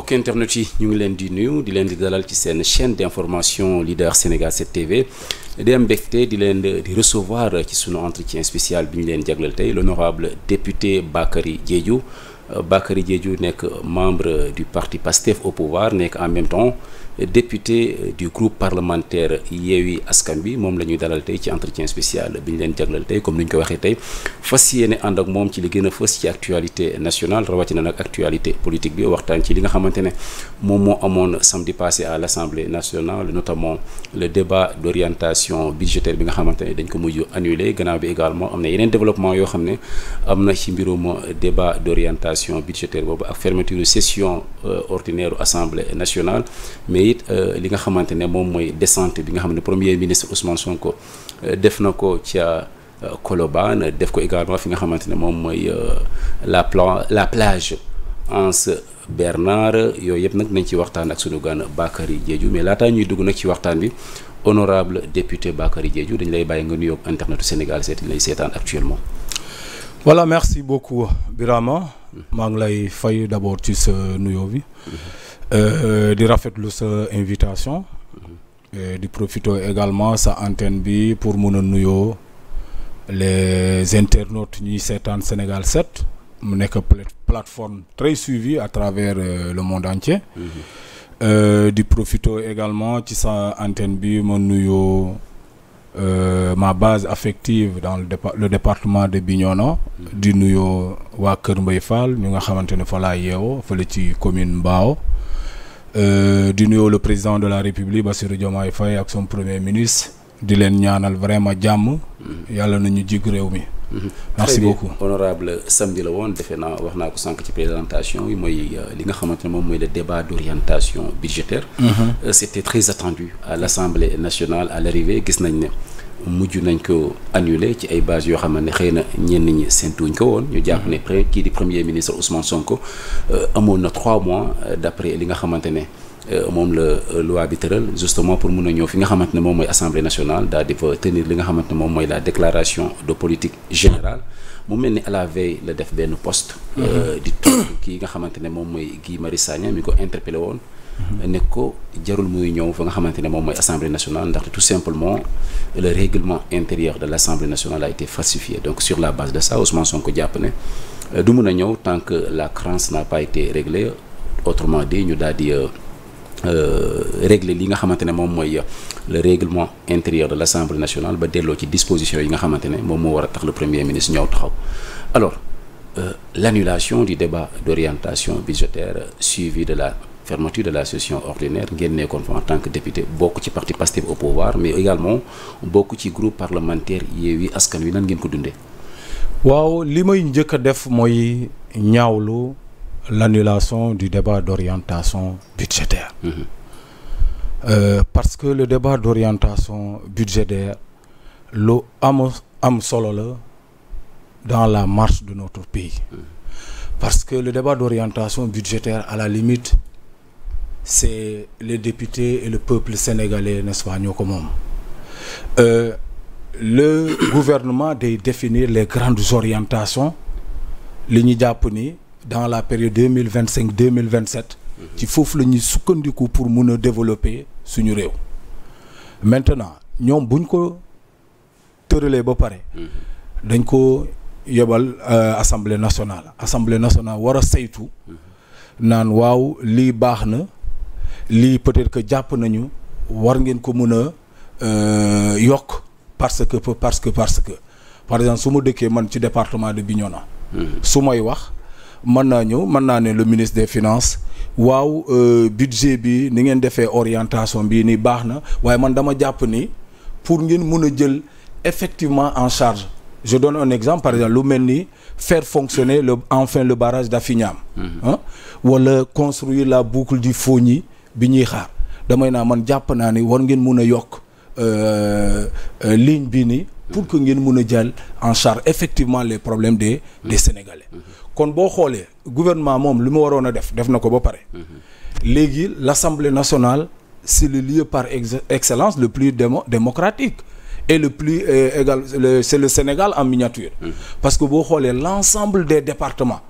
mbokk internet yi ñu ngi leen di nuyu di leen di dalal ci seen chaine d'information leader Sénégal 7 TV di am di leen di recevoir ci sunu entretien spécial bi ñu leen jaglal tey l'honorable député Bakary Diédhiou Bakary Diédhiou nekk membre du parti PASTEF au pouvoir nekk en même temps député euh, du groupe parlementaire Yewwi Askan bi moom la ñuy dalal tey ci entretien spécial bi ñu leen jaglal tey comme ni ñu ko waxee tey fas yéene ànd ak moom ci li gën a fës ci actualité nationale rawatina nag actualité politique bi waxtaan ci li nga xamante ne moom moo amoon samedi passé à l'Assemblée nationale notamment le débat d'orientation budgétaire bi nga xamante ne dañ ko mujj annulé gannaaw bi également am na yeneen développement yoo xam ne am na ci mbirum débat d'orientation budgétaire boobu ak fermeture session euh, ordinaire Assemblée nationale it euh, li nga xamante ne moom mooy descente bi nga xam ne premier ministre Ousmane Sonko euh, def na ko ca euh, Colobane def ko également fi nga xamante ne moom mooy la plan la plage Anse Bernard yooyu yëpp nag nañ ci waxtaan ak sunu gan Bakary jeeju mais laataa ñuy dugg nag ci waxtaan bi honorable député Bakary jeeju dañ lay bàyyi nga nuyoo internetu Sénégal seet lay seetaan actuellement. voilà lay fay d'abord ci sa nuyoo bi. Mm-hmm. Euh, di rafetlu sa invitation. Mm-hmm. di profito également sa antenne bi pour mun a nuyoo les internautes ñuy seetaan Sénégal 7 mu nekk plateforme très suivie à travers euh, le monde entier. Mm-hmm. Euh, di profito également ci sa antenne bi ma nuyoo. Euh, ma base affective dans le département de Bignona. Mm-hmm. di nuyoo waa Kër Mbaye Fall ñu nga xamante ne fa laa yeewoo fële ci commune mbaaw Euh, di nuyoo le président de la république Bassirou Diomaye Faye ak son premier ministre di leen ñaanal vraiment jàmm. Mm-hmm. yàlla ñu jig réew mi. Mm-hmm. merci beaucoup honorable samedi la woon defe naa wax naa ko sànq ci présentation yi mooy euh, li nga xamante ne moom mooy le débat d'orientation budgétaire. Mm-hmm. Euh, c'était très attendu à l'Assemblée nationale à l'arrivée gis nañ ne. mujj nañ ko annulé ci ay base yoo xam ne xëy na ñenn ñi séntuwuñ ko woon ñu jàpp ne kii di premier ministre Ousmane Sonko euh, amoon na trois mois euh, d'après li nga xamante ne euh, moom la loi bi tëral justement pour mun a ñëw fi nga xamante ne moom mooy assemblée nationale daal di fa tenir li nga xamante ne moom mooy la déclaration de politique générale mu mel ni à la veille la def benn poste di toog kii nga xamante ne moom mooy Guy Marius mi ko interpellé woon Mm-hmm. ne ko jarul muy ñëw fa nga xamante ne moom mooy assemblée nationale ndaxte tout simplement le réglement intérieur de l' assemblée nationale a été falsifié donc sur la base de ça Ousmane Sonko jàpp ne euh, du mun a ñëw tant que la carence n'a pas été réglée autrement dit ñu daal di euh, euh, régler li nga xamante ne moom mooy le réglement intérieur de l' assemblée nationale ba delloo ci disposition yi nga xamante ne moom moo war a tax le premier ministre ñëw taxaw alors euh, l' annulation du débat d' orientation de la fermeture de la session ordinaire ngeen nekkoon fa en tant que député bokk ci parti Pastef au pouvoir mais également bokk ci groupe parlementaire Yewwi Askan Wi nan ngeen ko dundee. waaw li may njëkk a def mooy ñaawlu l'annulation du débat d'orientation budgétaire. Mmh. parce que le débat d'orientation budgétaire lu am am solo la dans la marche de notre pays. Mmh. parce que le débat d'orientation budgétaire à la limite c'est les députés et le peuple sénégalais n'est-ce ñoo ko moom euh, le gouvernement day définir les grandes orientations li ñu jàpp ni dans la période deux mille vingt cinq deux mille vingt sept ci foofu la ñuy sukkandiku pour mun a développer suñu réew maintenant ñoom buñ ko tëralee ba pare dañ ko yebal euh, assemblée nationale assemblée nationale war a saytu naan waaw lii baax na lii peut-être que jàpp nañu war ngeen ko mën a euh, yokk parce que parce que parce que par exemple su ma dëkkee man ci département de Bignona hmm. su may wax mën naa ñëw mën naa ne le ministre des finances waaw euh, budget bi ni ngeen defee orientation bii nii baax na waaye man dama jàpp ni pour ngeen mun a jël effectivement en charge je donne un exemple par exemple lu mel ni faire fonctionner le enfin le barrage d'Afignam hmm. wala construire la boucle du Fogny bi ñuy xaar damay naa man jàpp naa ni war ngeen mun a yokk euh, euh, ligne bii nii pour que ngeen mun a jël en charge effectivement les problèmes des des sénégalais mm-hmm. kon boo xoolee gouvernement moom li mu waroon a def def na ko ba pare mm-hmm. léegi l'Assemblée nationale c'est le lieu par ex excellence le plus démo démocratique et le plus euh, égal c'est le Sénégal en miniature mm-hmm. parce que boo xoolee l'ensemble des départements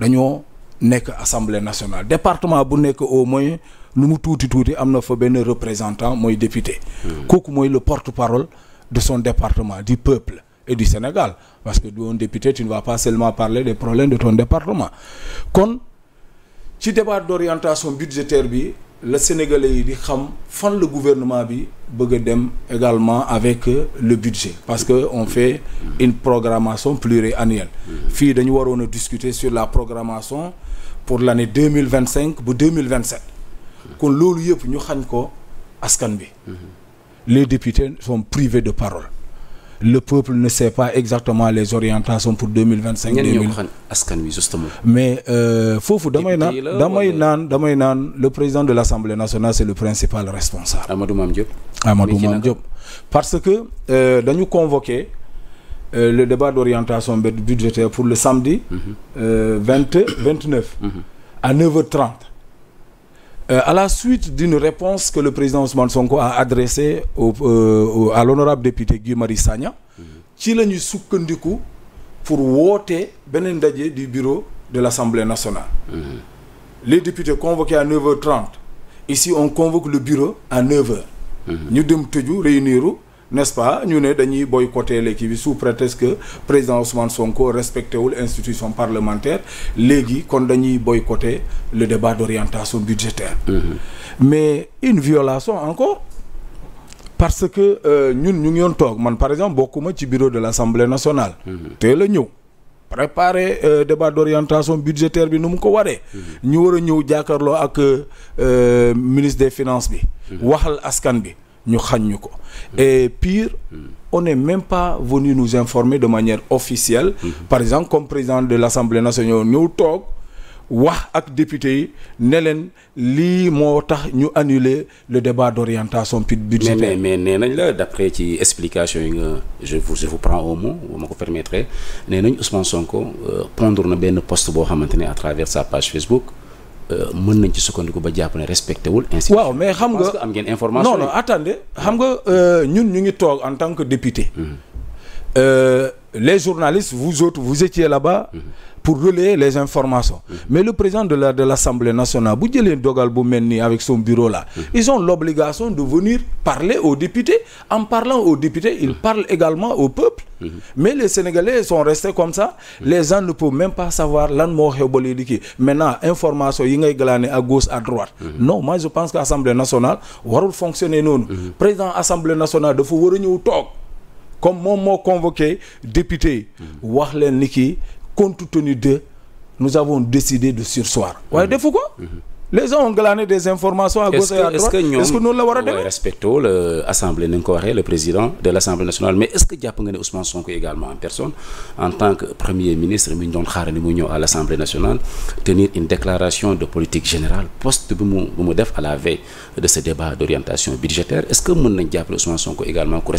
dañoo nekk Assemblée nationale département bu nekk au moins lu mu tuuti tuuti am na fa benn représentant mooy député. Hmm. kooku mooy le porte-parole de son département du peuple et du Sénégal parce que du un député tu ne vas pas seulement parler des problèmes de ton département kon ci débat d'orientation budgétaire bi. la Sénégalais yi di xam fan la gouvernement bi bëgg a dem également avec euh, le budget parce que on fait hmm. une programmation pluriannuelle hmm. fii dañu waroon a discuter sur la programmation pour l'année deux mille vingt cinq bu deux mille vingt sept kon loolu yëpp ñu xañ ko askan bi les députés sont privés de parole le peuple ne sait pas exactement les orientations pour deux mille vingt cinq deux mille askan wi justement mais euh, foofu damay naan damay naan damay naan le président de l'Assemblée nationale c'est le principal responsable Amadou Mame Diop Amadou Mame Diop parce que euh, dañu convoqué euh, le débat d'orientation budgétaire pour le samedi mhm. euh, vingt vingt neuf mhm. à neuf heures trente Euh, à la suite d'une réponse que le président Ousmane Sonko a adressée au, euh, à l'honorable député Guy Marius Sagna mhm. ci la ñu sukkandiku pour woote beneen ndaje du bureau de l'Assemblée nationale mmh. les députés convoqués à 9h30 ici on convoque le bureau à 9 mhm. ñu dem tëju réuniru n'est-ce pas ñu ne dañuy boycotter l'équipe bi sous prétexte que président Ousmane Sonko respecté wul institution parlementaire léegi kon dañuy boy boycotter le débat d'orientation budgétaire mm-hmm. mais une violation encore parce que euh, ñun ñu ngi yoon toog man par exemple bokkuma ci bureau de l'Assemblée nationale mm-hmm. te a ñëw préparer euh, débat d'orientation budgétaire bi nu mu ko waree. Mm-hmm. ñu war a ñëw jàkkaarloo ak euh, euh, ministre des finances bi. waxal askan bi. ñu xañ ñu ko et pire mm. on n'est même pas venu nous informer de manière officielle mm-hmm. par exemple comme président de l'Assemblée nationale ñëw toog wax ak député yi ne leen lii moo tax ñu annuler le débat d'orientation budgétaire mais mais nee nañ la d'après ci explication yi nga je vous je vous prends au mot bu ma ko permettre nee nañ Ousmane Sonko euh, pondre na benn poste boo xamante ne à travers sa page Facebook Euh, mën nañ ci sukkandiku ba jàpp ne respecté wul. ainsi waaw mais xam nga parce que am ngeen information. non non attendez xam nga euh, ñun ñu ngi toog en tant que député. Mm-hmm. Euh, les journalistes vous autres vous étiez là-bas. Mm-hmm. pour relayer les informations mhm. mais le président de la de l'Assemblée nationale bu jëlee dogal bu mel nii avec son bureau là mhm. ils ont l'obligation de venir parler aux députés en parlant aux députés ils mhm. parlent également au peuple mais les Sénégalais sont restés comme ça les gens ne peuvent même pas savoir lan moo xew ba léegi kii maintenant information yi ngay glaner à gauche à droite non moi je pense que Assemblée nationale warul fonctionner nonu président Assemblée nationale dafa war a ñëw toog comme moom moo convoqué député wax leen ni kii compte tenu de nous avons décidé de surseoir waaye mmh. defu ko mmh. les gens ont glané des informations à gauche et à droite est-ce que noonu la war a demee respecté le président de l'assemblée nationale mais est-ce que jàpp nga ne Ousmane Sonko également en personne en tant que premier ministre mi ñu doon xaarandi mu ñëw à l'assemblée nationale tenir une déclaration de politique générale poste bu mu def à la veille de ce débat d'orientation budgétaire est que mën nañ jàppale Ousmane Sonko également ku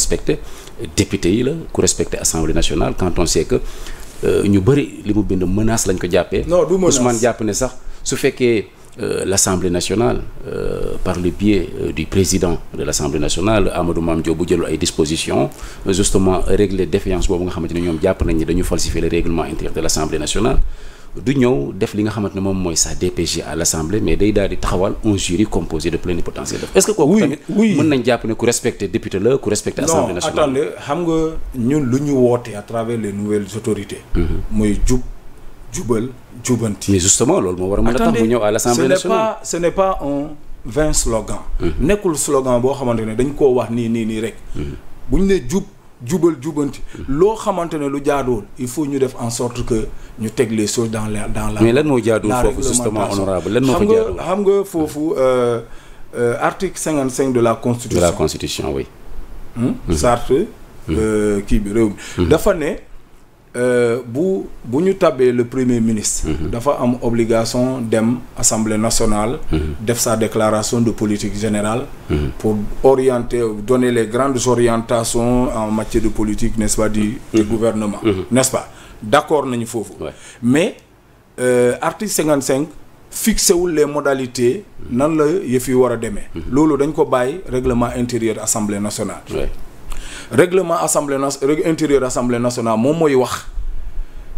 yi la respecté assemblée nationale quand on sait Euh, ñu bëri li mu bind menace lañ ko jàppee. non du menace Ousmane jàpp ne sax su fekkee euh, l'Assemblée nationale euh, par le biais du président de l'Assemblée nationale Amadou Mame Diop bu jëlul ay dispositions justement régler défiance boobu nga xamante ne ñoom jàpp nañ ni dañu falsifier le règlement intérieur de l'Assemblée nationale. du ñëw def li nga xamante ne moom mooy sa DPG à l'Assemblée mais day dal di taxawal un jury composé de plénipotentiaires est-ce que kooku tamit mën nañ jàpp ne ku respecté député la ku respecté Assemblée nationale nga ñun lu ñu woote à travers les nouvelles autorités mm-hmm. mooy jub jubal jubanti mais justement loolu moo war a mën a tax mu ñëw à l'Assemblée nationale ce pas un vain slogan mm-hmm. nekkul slogan boo xamante ne dañ koo wax nii nii nii rek mm-hmm. buñ ne jub jubal jubanti loo xamante ne lu jaaduwul il faut ñu def en sorte que ñu teg les choses dans la dans la. mais lan moo jaaduwul foofu justement honorable lan moo fa jaaduwul xam nga foofu euh, euh, article cinquante cinq de la constitution de la constitution oui. Hmm? Mhm. Mhm. Euh, kii bi réew mi mhm. dafa ne. Euh, bu bu ñu tabee le premier ministre. Mm-hmm. dafa am obligation dem assemblée nationale. Mm-hmm. def sa déclaration de politique générale. Mm-hmm. pour orienter donner les grandes orientations en matière de politique n'est-ce pas du. du gouvernement. n'est-ce pas d'accord nañu foofu. mais euh, article cinquante cinq. fixé wul les modalités. nan la yi yi war a demee. loolu dañ ko bàyyi règlement intérieur assemblée nationale. règlement assemblée nationale intérieur assemblée nationale moom mooy wax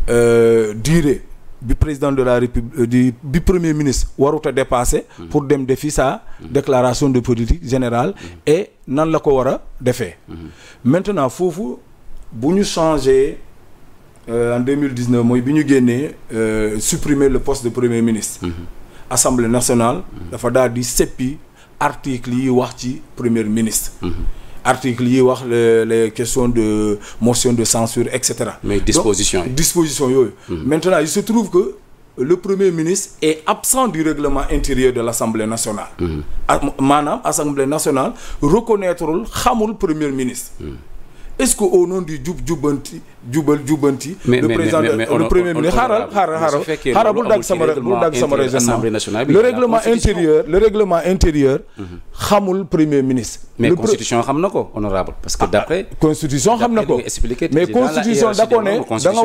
euh, durée bi président de la république euh, du bi premier ministre warut a mm. pour dem defi sa mm. déclaration de politique générale. Mm. et nan la ko war a defee. maintenant foofu bu ñu changé euh, en deux mille dix neuf mooy bi ñu génnee supprimer le poste de premier ministre. Mm-hmm. assemblée nationale. Mm-hmm. dafa daal di seppi article yi wax ci premier ministre. Mm-hmm. article yi wax les questions de motion de censure et cetera. mais disposition yi disposition yooyu. Mhm. maintenant il se trouve que le premier ministre est absent du règlement intérieur de l' assemblée nationale. Mhm. Ah, maanaam assemblée nationale reconnaîtrul xamul premier ministre. Mhm. est-ce que au nom du jub jubanti jubal jubanti. le président le premier ministre xaaral xaaral xaaral. xaaral bul dagg sama bul xamul premier ministre. mais constitution xam na ko honorable parce que ah, d'après ah, xam na ko mais constitution da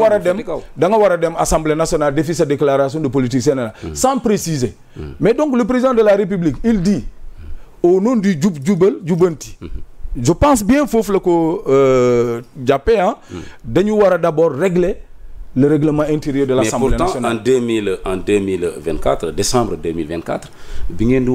a dem da nga war a dem assemblée nationale défi sa déclaration de politique générale. Mhm. Mhm. sans mhm. le président de la république il dit au nom du jub jubal jubanti. je pense bien foofu la ko euh, jàppee ah. dañu war a d' abord régler le règlement intérieur de l'Assemblée nationale mais pourtant en décembre 2024 bi ngeen di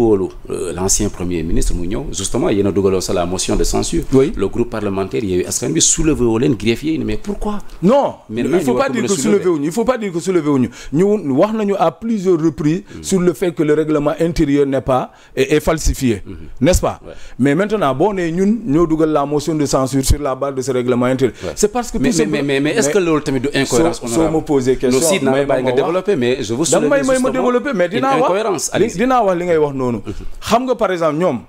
euh, l'ancien premier ministre mu ñëw justement yéen a dugaloon sa la motion de censure le groupe parlementaire Yewwi Askan Wi soulevé woo leen greffier mais pourquoi non il faut pas dire que soulevé wuñu il faut pas dire à plusieurs reprises hmm. sur le fait que le règlement intérieur n'est pas est falsifié hmm. n'est-ce pas mais maintenant boo nee ñun ñoo dugal la motion de censure sur la soo ma posé question non si naa bàyyi nga développé mais je vous soulève may may ma développé mais dinaa wax dinaa wax li ngay wax noonu mhm. xam nga par exemple ñoom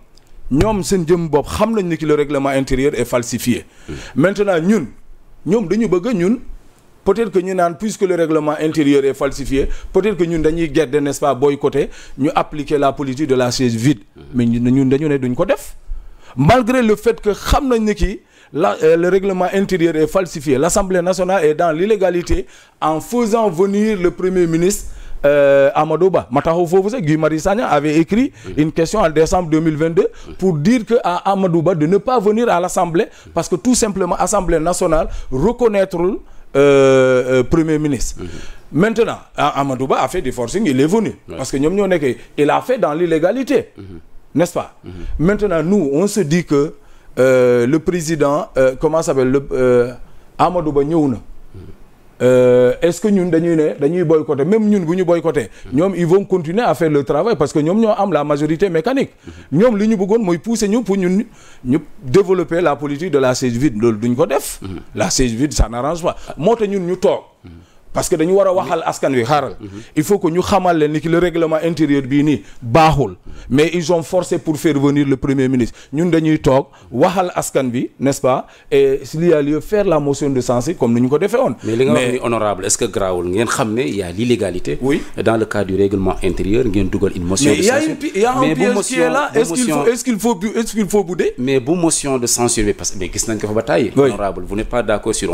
ñoom seen jëm bopp xam nañ ni ki le règlement intérieur est falsifié mhm. maintenant ñun ñoom dañu bëgg ñun peut-être que ñu naan puisque le règlement intérieur est falsifié peut-être que ñun dañuy guedde n'est-ce pas boycotter ñu appliquer la politique de la chaise vide mhm. mais ñun dañu ne duñ ko def malgré le fait que xam nañ ni ki la, euh, le règlement intérieur est falsifié l'Assemblée nationale est dans l'illégalité en faisant venir le Premier ministre Euh, Amadou Ba ma taxaw foofu sax Guy Marius Sagna avait écrit une question en décembre 2022 pour dire que à Amadou Ba de ne pas venir à l'Assemblée parce que tout simplement Assemblée nationale reconnaître euh, euh, Premier ministre maintenant Amadou Ba a fait des forcing il est venu parce que ñoom ñoo nekkee il a fait dans l'illégalité n'est-ce pas maintenant que Euh, le président euh, comment s'appelle le euh, Amadou Ba ñëw na est-ce que ñun dañuy ne dañuy boycotter même ñun bu ñu boycotter ñoom ils vont continuer à faire le travail parce que ñoom ñoo am la majorité mécanique ñoom li ñu bëggoon mooy pousser ñu pour ñun ñu développer la politique de la chaise vide loolu duñ ko def la chaise vide ça n'arrange pas moo tax ñun ñu toog parce que dañu war a waxal askan wi xaaral mhm. il faut que ñu xamal leen ni ki le règlement intérieur bii nii baaxul mais ils ont forcé pour faire venir le premier ministre ñun dañuy toog waxal askan bi n'est-ce pas et s'il y a lieu faire la motion de censure comme ni ñu ko defee woon mais li nga ngeen xam ne y l'illégalité oui dans le cadre du règlement intérieur ngeen dugal une motion de censure parce que mais gis nañ ko fa ba tàyyi vous n'êtes pas d'accord sur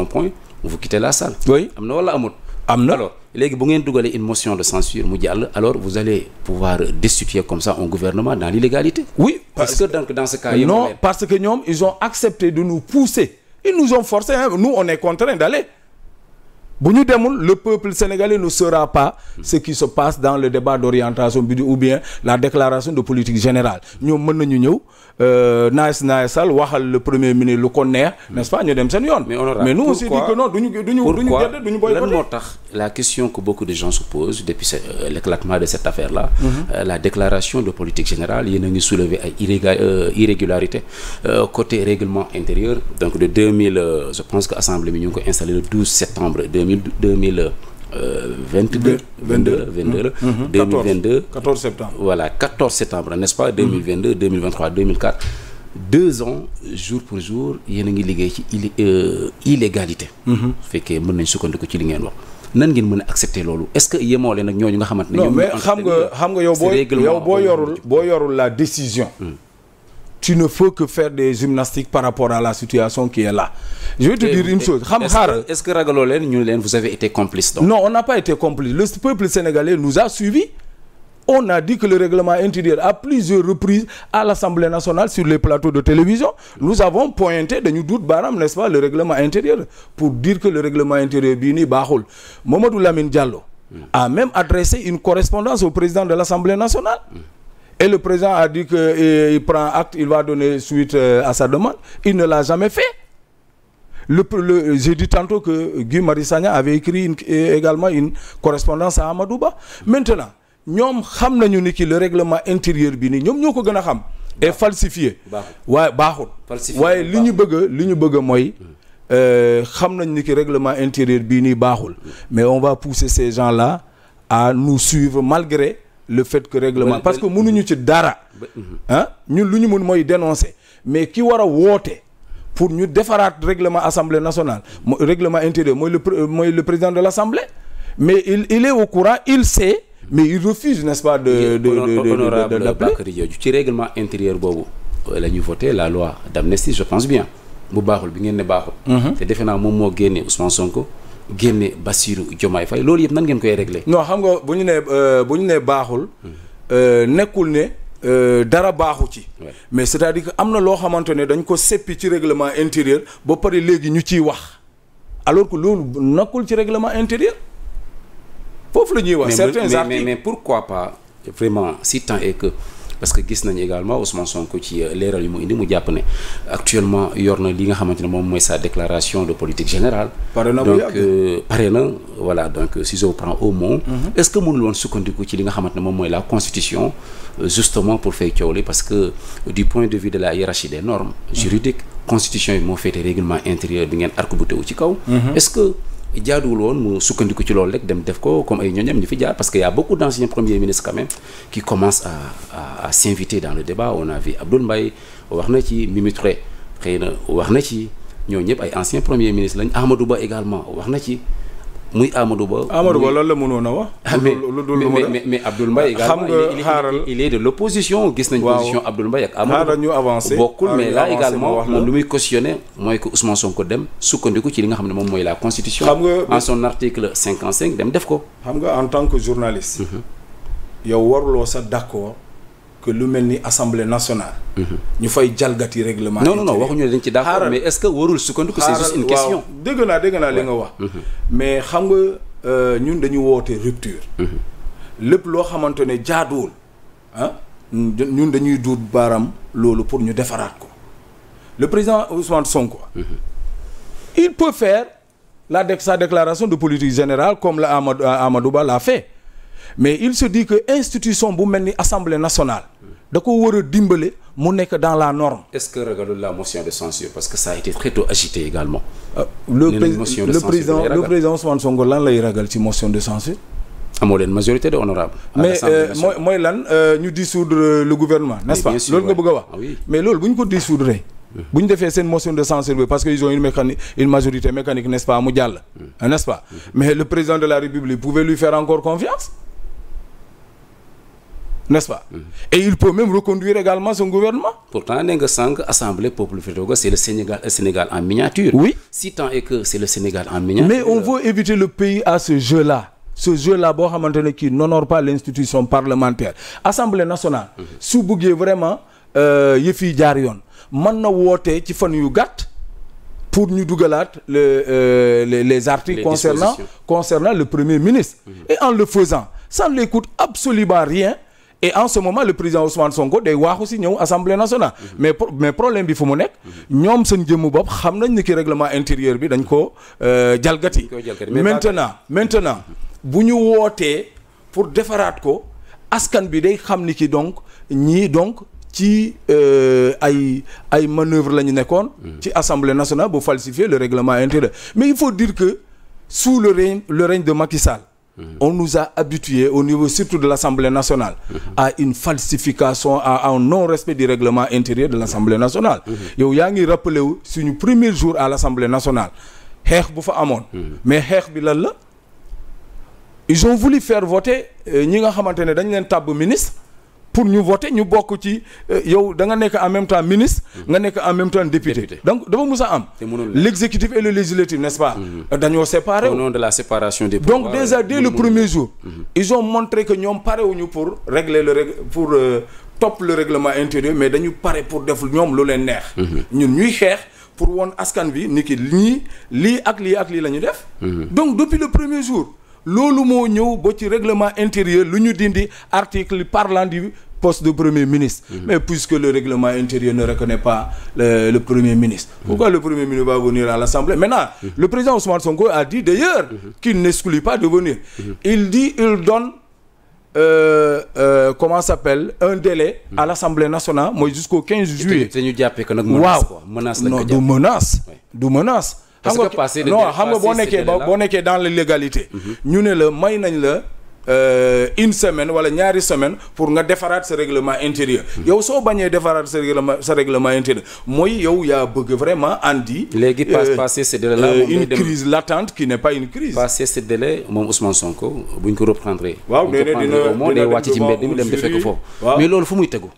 am na alors léegi bu ngeen dugalee une motion de censure mu jàll alors vous allez pouvoir destituer comme ça un gouvernement dans l'illégalité oui parce, que donc dans ce cas non parce que ñoom ils ont accepté de nous pousser ils nous ont forcé hein. nous on est contraints d'aller bu ñu demul le peuple sénégalais ne saura pas ce qui se passe dans le débat d'orientation bi ou bien la déclaration de politique générale ñoom mën nañu ñëw Euh, nice nice sal waxal le premier ministre lu ko neex hmm. n'est-ce pas ñu dem seen yoon. mais nous aussi dit que non duñu duñu duñu gedd duñu boycotté. lan moo tax la question que beaucoup de gens se posent depuis euh, l'éclatement de cette affaire là. Hmm. Euh, la déclaration de politique générale yéen a soulever ay irrégularités côté règlement intérieur donc de je pense que assemblée bi ñu ko installé le septembre 22 22 la 22 la. 2022 14 septembre. voilà 14 septembre n'est-ce pas. 2022 2023 mmh. deux ans jour pour jour yéen a ngi liggéey ci illi euh, illégalité. bu mmh. fekkee mën nañ sukkandiku ci li ngeen wax. nan ngeen mën a accepter loolu est-ce que yemoo leen ñooñu nga xamante ne. non mais xam nga xam nga yow boo yow boo yorul boo yorul la décision. Mmh. tu ne peux que faire des gymnastiques par rapport à la situation qui est là. Je vais te dire une chose. Xam leen ñu leen vous avez été Non, on n'a pas été complice. Le peuple sénégalais nous a suivis. On a dit que le règlement intérieur à plusieurs reprises à l'Assemblée nationale sur les plateaux de télévision, nous avons pointé dañu duut baaraam n'est-ce pas le règlement intérieur pour dire que le règlement intérieur bii nii baaxul. Mamadou Lamine Diallo hmm. a même adressé président de l'Assemblée nationale. Hmm. Et le président a dit que euh, il prend acte, il va donner suite euh, à sa demande. Il ne l'a jamais fait. Le, le j'ai dit tantôt que Guy Marius Sagna avait écrit une, également une correspondance à Amadou Ba. Maintenant, ñoom xam nañu ni ki le règlement intérieur bi nii ñoom ñoo ko gën a xam. et falsifié. waaye baaxul. waaye li ñu bëgg li ñu bëgg mooy. Mm. Euh, xam nañ ni ki règlement intérieur bii nii baaxul. Mm. mais on va pousser ces gens-là à nous suivre malgré. le fait que règlement parce que mënuñu ci dara ah ñun lu ñu mun mooy dénoncer mais ki war a woote pour ñu defaraat règlement assemblée nationale règlement intérieur mooy le euh, mooy le président de l'assemblée mais il il est au courant il sait mais il refuse n'est-ce pas de de de de Bakary Diop ci règlement intérieur boobu euh, la ñu voté la loi d'amnistie je pense bien bu baaxul bi ngeen ne baaxul mhm. te defe naa moom moo génne Ousmane Sonko génne Bassirou Diomaye fay loolu yëpp na ngeen koy réglé. non xam nga bu ñu nee euh, bu ñu nee baaxul. Hmm. Euh, nekkul ne. Euh, dara baaxu ci mais c'est-à-dire que am na loo xamante ne dañ ko seppi ci réglement intérieur ba pare léegi ñu ciy wax alors que loolu nakkul ci règlement intérieur foofu la ñuy wax certains articles mais mais pourquoi pas vraiment si tant est que parce que gis nañu également Ousmane Sonko ci euh, leeral yu mu indi mu jàpp ne actuellement yor na li nga xamante ne moom mooy sa déclaration de politique générale. pare donc euh, pare na voilà donc euh, si je vous au mot. Mhm. est ce que mënul woon sukkandiku ci li nga xamante ne moom mooy la constitution. justement pour fay coow li parce que du point de vue de la hiérarchie des normes mhm. juridiques constitution yi moo féete règlement intérieur bi ngeen arc-bouté wu ci kaw. Mhm. jaaduwul woon mu sukkandiku ci loolu rek dem def ko comme ay ñooñam ñi fi jaar parce que y a beaucoup d'anciens premiers ministres quand même qui commencent à à, s'inviter dans le débat on a vu Abdoul Mbaye wax na ci Mimi Touré xëy na wax na ci ñooñ ñëpp ay anciens premiers ministres lañ Amadou Ba également wax na ci muy Amadou Ba. Amadou Ba loolu la mënoon a wax. Ah, mais mais mais Abdoul Mbaye. nga xaaral il est de l'opposition gis nañ position Abdoul Mbaye ak Amadou Ba xaaral ñu avancé bokkul mais là également moom lu muy cautionné mooy que Ousmane Sonko dem sukkandiku ci li nga xam ne moom mooy la constitution. xam nga en son article cinquante cinq dem def ko. xam nga en tant que journaliste. Mhm. yow waruloo sa d'accord. que lu mel ni assemblée nationale. Mhm. ñu fay jalgati règlement. non non non waxuñu dañ ci d'accord mais est-ce que warul sukkandiku c'est juste une question. dégg naa dégg naa li nga wax. Mhm. mais xam nga euh, ñun dañu woote rupture. Mhm. lépp loo xamante ne jaaduwul ah ñun dañuy duut baaram loolu pour ñu defaraat ko le président Ousmane Sonko. il peut faire la sa déclaration de politique général comme la Amadou euh, Amadou Ba l'a fait. mais il se dit que institution bu mel ni assemblée nationale da ko war a dimbale mu nekk dans la norme. est-ce que ragalul la que ça a été très tôt agité également. Euh, le président le président le président Ousmane Sonko lan lay ragal ci motion de censure amoo leen majorité de honorable mais euh, mooy lan euh, ñu dissoudre le gouvernement nest pas loolu nga bëgg a ah mais loolu bu ñu ko dissoudre hmm. bu ñu defee seen motion de censure parce que ils ont une mécanique une majorité mécanique nest pas mu jàll nest pas hmm. mais le président de la République pouvait lui faire encore n'est-ce pas mm -hmm. et il peut même reconduire également son gouvernement pourtant ne nga sànq assemblée peuple fétoga c'est le Sénégal euh, le Sénégal en miniature oui le Sénégal en mais on veut éviter le pays à ce jeu-là ce jeu-là boo xamante ne qui n'honore pas l'institution parlementaire assemblée nationale mm -hmm. su bëggee vraiment euh, yëf yi jaar yoon mën na wootee ci fan yu gàtt pour ñu dugalaat le euh, les, les articles les concernant le premier ministre mm et en le faisant ça ne lui coûte absolument rien et en ce moment le président Ousmane Sonko day waaxu si ñëw assemblée nationale. Mhm. mais mais problème bi fu mu nekk. ñoom seen jëmmu bopp xam nañ ni ki règlement intérieur bi dañ ko euh, jalgati. maintenant maintenant bu ñu wootee pour defaraat ko askan bi day xam ni ki donc ñii donc. ci euh, ay ay manœuvre la ñu nekkoon. Mhm. ci assemblée nationale bu falsifier le règlement intérieur mais il faut dire que sous le règne le règne de Macky on nous a habitués au niveau surtout de l'Assemblée nationale à une falsification à un non-respect du règlement intérieur de l'Assemblée nationale yow yaa ngi rappelé wu suñu premier jour à l'Assemblée nationale xeex bu fa amoon mais xeex bi lan la il ont voulu faire voter euh, ñi nga xamante ne dañ leen tàbb ministre pour ñu voter ñu bokk ci euh, yow da nga nekk en même temps ministre. Mm-hmm. nga nekk en même temps député. donc dafa mus a am. l'exécutif et le législatif nest pas. Mm-hmm. dañoo séparé au nom de la séparation des pouvoirs donc déjà dès le premier jour. Mm-hmm. ils ont montré que ñoom parewuñu pour régler le rég pour euh, topp le règlement intérieur mais dañu pare pour def ñoom lu leen neex. ñun ñuy xeex. pour woon askan bi ni ki ñii lii ak lii ak lii la ñu def. donc depuis le premier jour. loolu moo ñëw ba ci règlement intérieur lu ñu dindi article parlant du poste de premier ministre mm-hmm. mais puisque le règlement intérieur ne reconnaît pas le, le premier ministre mm-hmm. pourquoi mmh. le premier ministre va venir à l'Assemblée maintenant mmh. le président Ousmane Sonko a dit d'ailleurs mm-hmm. qu'il n'exclut pas de venir il dit il donne Euh, euh, comment s'appelle un délai à l'Assemblée nationale mooy jusqu'au juillet te ñu jàppee ko nag menace ko jàpp waaw non du menace du menace parce que passé xam nga boo nekkee boo nekkee dans l'illégalité ñu ne la may nañ la euh, une semaine wala ñaari semaine pour nga defaraat sa règlement intérieur mm-hmm. yow soo bañee defaraat sa règlement sa règlement intérieur mooy yow yaa bëgg vraiment endi léegi euh, passe passé ce délai là euh, une crise latente qui n'est pas une crise passé ce délai moom Ousmane Sonko buñ ko reprendre waaw nee na moo day wàcc ci mbedd mi dem defee ko foofu mais loolu fu muy tegu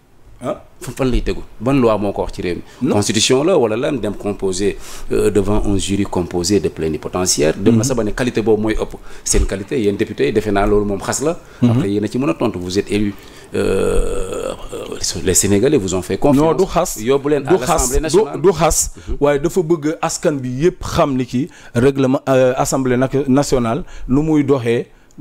ah fan lay tegu ban loi moo ko wax ci réew mi constitution la wala lan dem composé euh, devant un jury composé de plénipotentiaire dem na mm-hmm. sa ba ne qualité boobu mooy ëpp seen qualité yéen député yi defe naa loolu moom xas la mm-hmm. après yéen a ci mën a tontu vous êtes élu euh, euh, les Sénégalais vous ont fait confiance non xas yóbbu leen à l'Assemblée nationale du waaye dafa bëgg askan bi yëpp xam ni ki règlement euh, assemblée nationale lu muy doxee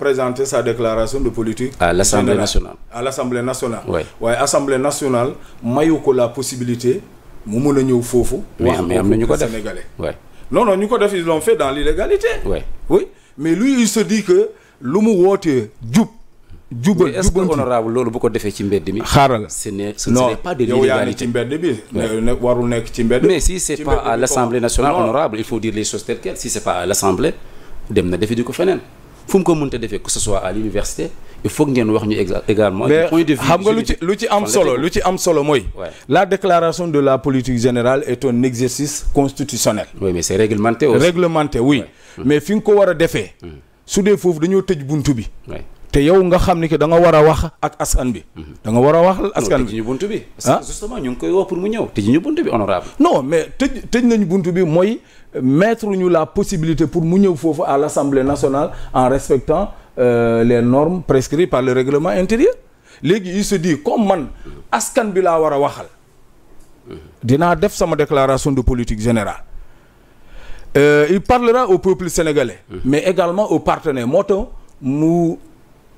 présenter sa déclaration de politique à l'Assemblée nationale à l'Assemblée nationale waaye ouais. Assemblée nationale mayu ko la possibilité mu mun a ñëw foofu wax mais am na ñu ko def sénégalais ouais. ñu ko def ils l'ont fait dans l'illégalité ouais. oui mais lu il se dit que lu mu wootee jub jubal jubanti honorable loolu bu ko defee ci mbedd mi. xaaral ce n'est ce n'est pas de l'illégalité ci mbedd bi. ne warul nekk ci mbedd. mais si c'est pas à l'Assemblée nationale honorable il faut dire les choses telles quelles si dem na defi ko feneen. fu mu ko mënta defee que ce soit à l'université il faut ngeen wax ñu également. mais xam nga lu ci lu ci am solo lu ci am solo mooy. la déclaration de la politique générale est un exercice constitutionnel. oui mais c'est réglementé aussi. réglementé oui. mais fi nga ko war a defee. Mm. su dee foofu dañoo tëj bunt bi. te yow nga xam ni que da nga war a wax ak askan bi. Mhm. da war a wax askan bi tëj ñu bi. parce que ah? justement ñu ngi pour mu ñëw tëj ñu bunt bi honorable non mais tëj nañu bunt bi mooy mettre ñu la possibilité pour mu ñëw foofu à l' assemblée nationale en respectant euh, les normes prescrites par le règlement intérieur léegi il se dit comme man askan bi laa war a waxal. Mhm. dinaa def sama déclaration de politique générale. Euh, il parlera au peuple sénégalais. Mhm. mais également aux partenaires moo tax mu.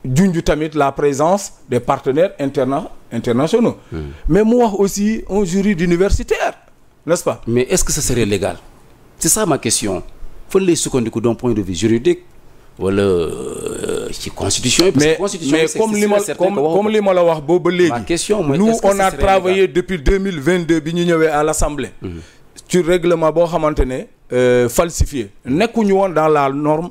junju tamit la présence des partenaires interna internationaux. Hmm. mais mu wax aussi un jury d'universitaire n'est-ce pas. mais est-ce que ça serait légal c'est ça ma question fan lay sukkandiku d'un point de vue juridique wala euh, ci constitution yi. parce mais comme li ma comme comme li ma la wax boobu ba léegi. ma question mooy on a travaillé depuis deux mille vingt deux bi ñu ñëwee à l'Assemblée. Hmm. ci règlement boo xamante ne euh, falsifié nekkuñu woon dans la norme.